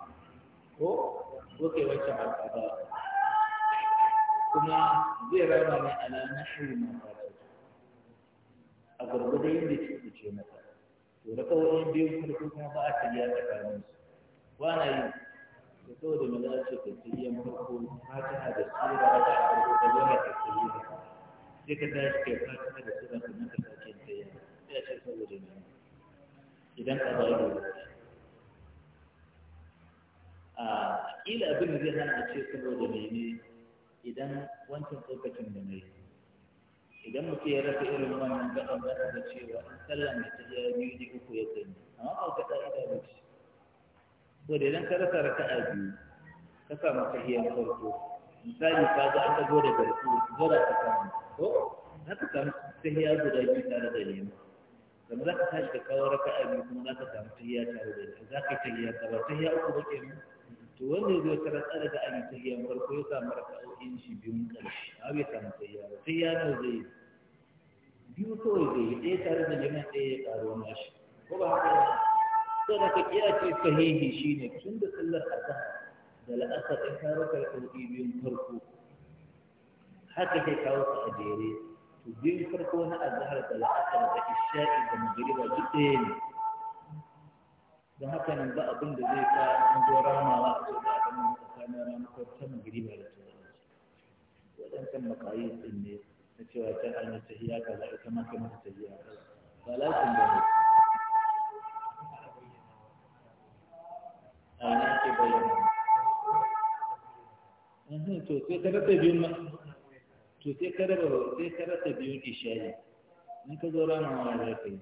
ko ko kai wacce kuma zai rama ne ala nahwi martaba a gurgurda yadda ke kuce mata to da kawai biyu farko kuma ba a tafiya tsakanin su ba na yi da saboda me za a ce tafiya farko fatiha da sura da ta farko ta yawa ta tafiya sai ka tashi kai fatiha da sura kuma ka ta yawa sai a ce saboda me idan ka ba da zai hana a ce saboda mene idan wancan tsokacin da mai idan mutum ya rasa irin wannan gaban za da cewa an sallah mai ta iya biyu ne uku ya kai amma ba ka ɗa'ida da ce ko da idan ka rasa raka a biyu ka samu tahiyar farko misali ka ga an dago daga su da ka samu ko za ka samu tahiya guda biyu tare da nema kamar za ka tashi ka kawo raka a biyu kuma za ka samu tahiya tare da lemu za ka ta tahiya ka ba ta tahiya uku ba kenan to wanda zai zo tara tsara da an yi tahiya farko ya samu raka'o'in shi biyun ƙarshe a bai samu tahiya ba sai ya nawa zai biyu kawai zai yi ɗaya tare da jama'a ɗaya ya ƙaro na shi ko ba haka ba to da ka kira ce sahihi shine tun da sallar azhar da la'asar ɗin ka raka raka'o'i biyun farko haka sai kawo su a jere to biyun farko na azhar da la'asar da isha'i da magariba duk ɗaya ne don haka nan ba abin da zai sa an zo ramawa a cikin abin da na ramakon ta ba da turanci waɗancan makayi din ne na cewa ta an yi tahiya kaza ita ma kai mata tahiya kaza ba lafiyan ba ne a yana ke bayyana to sai ka rasa biyu ma to sai ka biyu ki ishayi in ka zo ramawa da ka kai.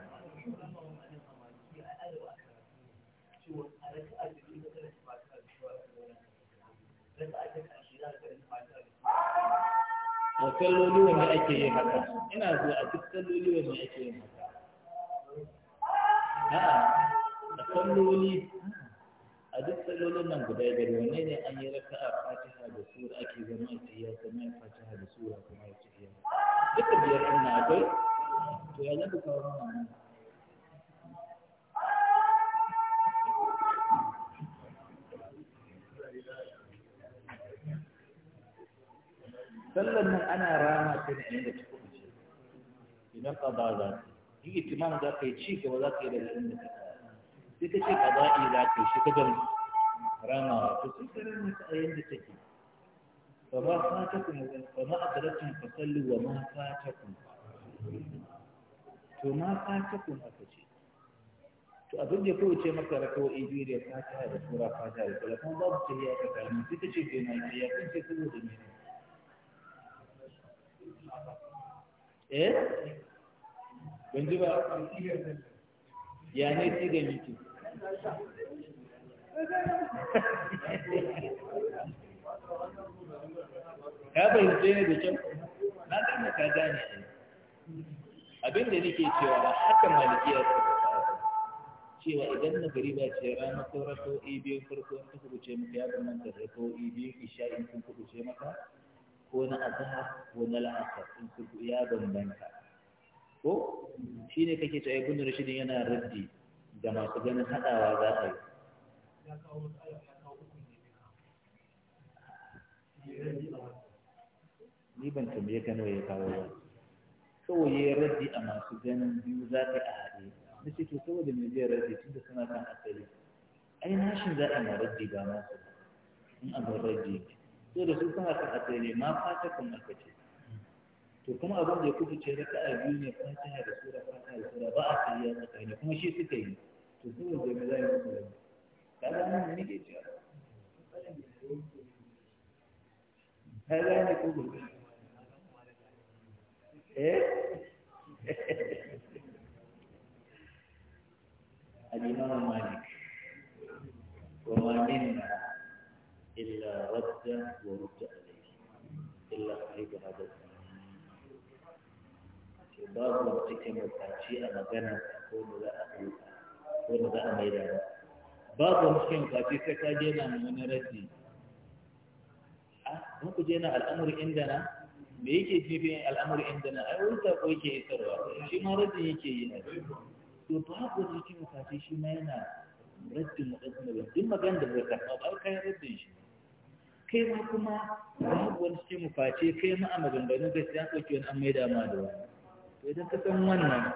kalloli wanda ake yin haka ina zuwa a duk kalloli wanda ake yin haka a'a a kalloli, a duk kalloli nan guda biyar wanne ne an yi raka a fatiha da sura ake zama a tahiya zama a fatiha da sura kuma a tahiya duka biyar ina akwai to ya zama kawo mana sallan nan ana rama ta da inda yadda ta kuma ce idan ba za ta yi itimam za ka yi ci gaba za ka yi da inda ka sai ka ce ƙaba'i za ka yi shi ka gama ramawa to sun karar mata a yadda take فما فاتكم فما أدركتم ma وما فاتكم to ma kuma ka ce to abin da kawai ce maka rakawa ibi da fata da tura fata da kula kuma babu ta yi a ta sai ta ce bai na yi ya kan ce saboda mai eh ban ba ya ne sigan yake (laughs) ka fahimce ne da kyau na gane ka gane abin da nake cewa haka malikiya suka fara cewa idan na gari ba ce ranar sauran sau'i biyu farko ta kubuce maka ya zama da sau'i biyu isha in kun kubuce maka ko na azhar ko na la'asar in kuku ya bambanta ko shi ne kake tsaye gudun rashidin yana raddi da masu ganin haɗawa za a yi ni ban tambaye ka gano ya kawo ba kawai ya raddi a masu ganin biyu za ka a haɗe na ce to saboda mai zai raddi tun da suna kan asali ai shi za a na raddi ba masu in abin raddi ne sai da su suna a asali ne ma fata kan aka ce to kuma abin da ya kudu ce raka a biyu ne fata da sura fata da sura ba a tsaye ya tsakani kuma shi suka yi to su ne zai zai musu da ka ga nan ne ke cewa ka ga ne ko gobe eh الإمام (laughs) إلا رد ورد عليه إلا حبيب هذا babu wanda take mafaci a magana ko a ɗauka ko da za a mai da babu wanda take mafaci sai ka a ku al'amuri inda na me yake jibe al'amuri inda ai wani sako yake shi ma rafi yake yi na? to babu wanda take mafaci shi ma yana rafi mu magana da bai karɓa ba ai kayan shi kai ma kuma wani ce mu face kai ma a maganganun gaskiya an ɗauki wani an maida ma da wani to idan ka san wannan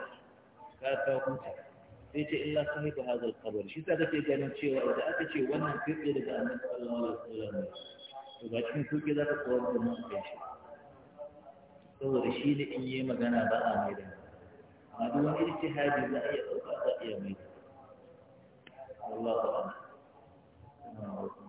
ka ka huta sai ce illa sahibu hazal qabr shi sa kake ganin cewa idan aka ce wannan kai tsaye daga annabi sallallahu alaihi wasallam to ba cikin kuke za ka kawar da mun kai shi saboda shi ne in yi magana ba a mai da amma duk wani ijtihadi za a iya ɗauka za a iya mai da Allah ba'ala.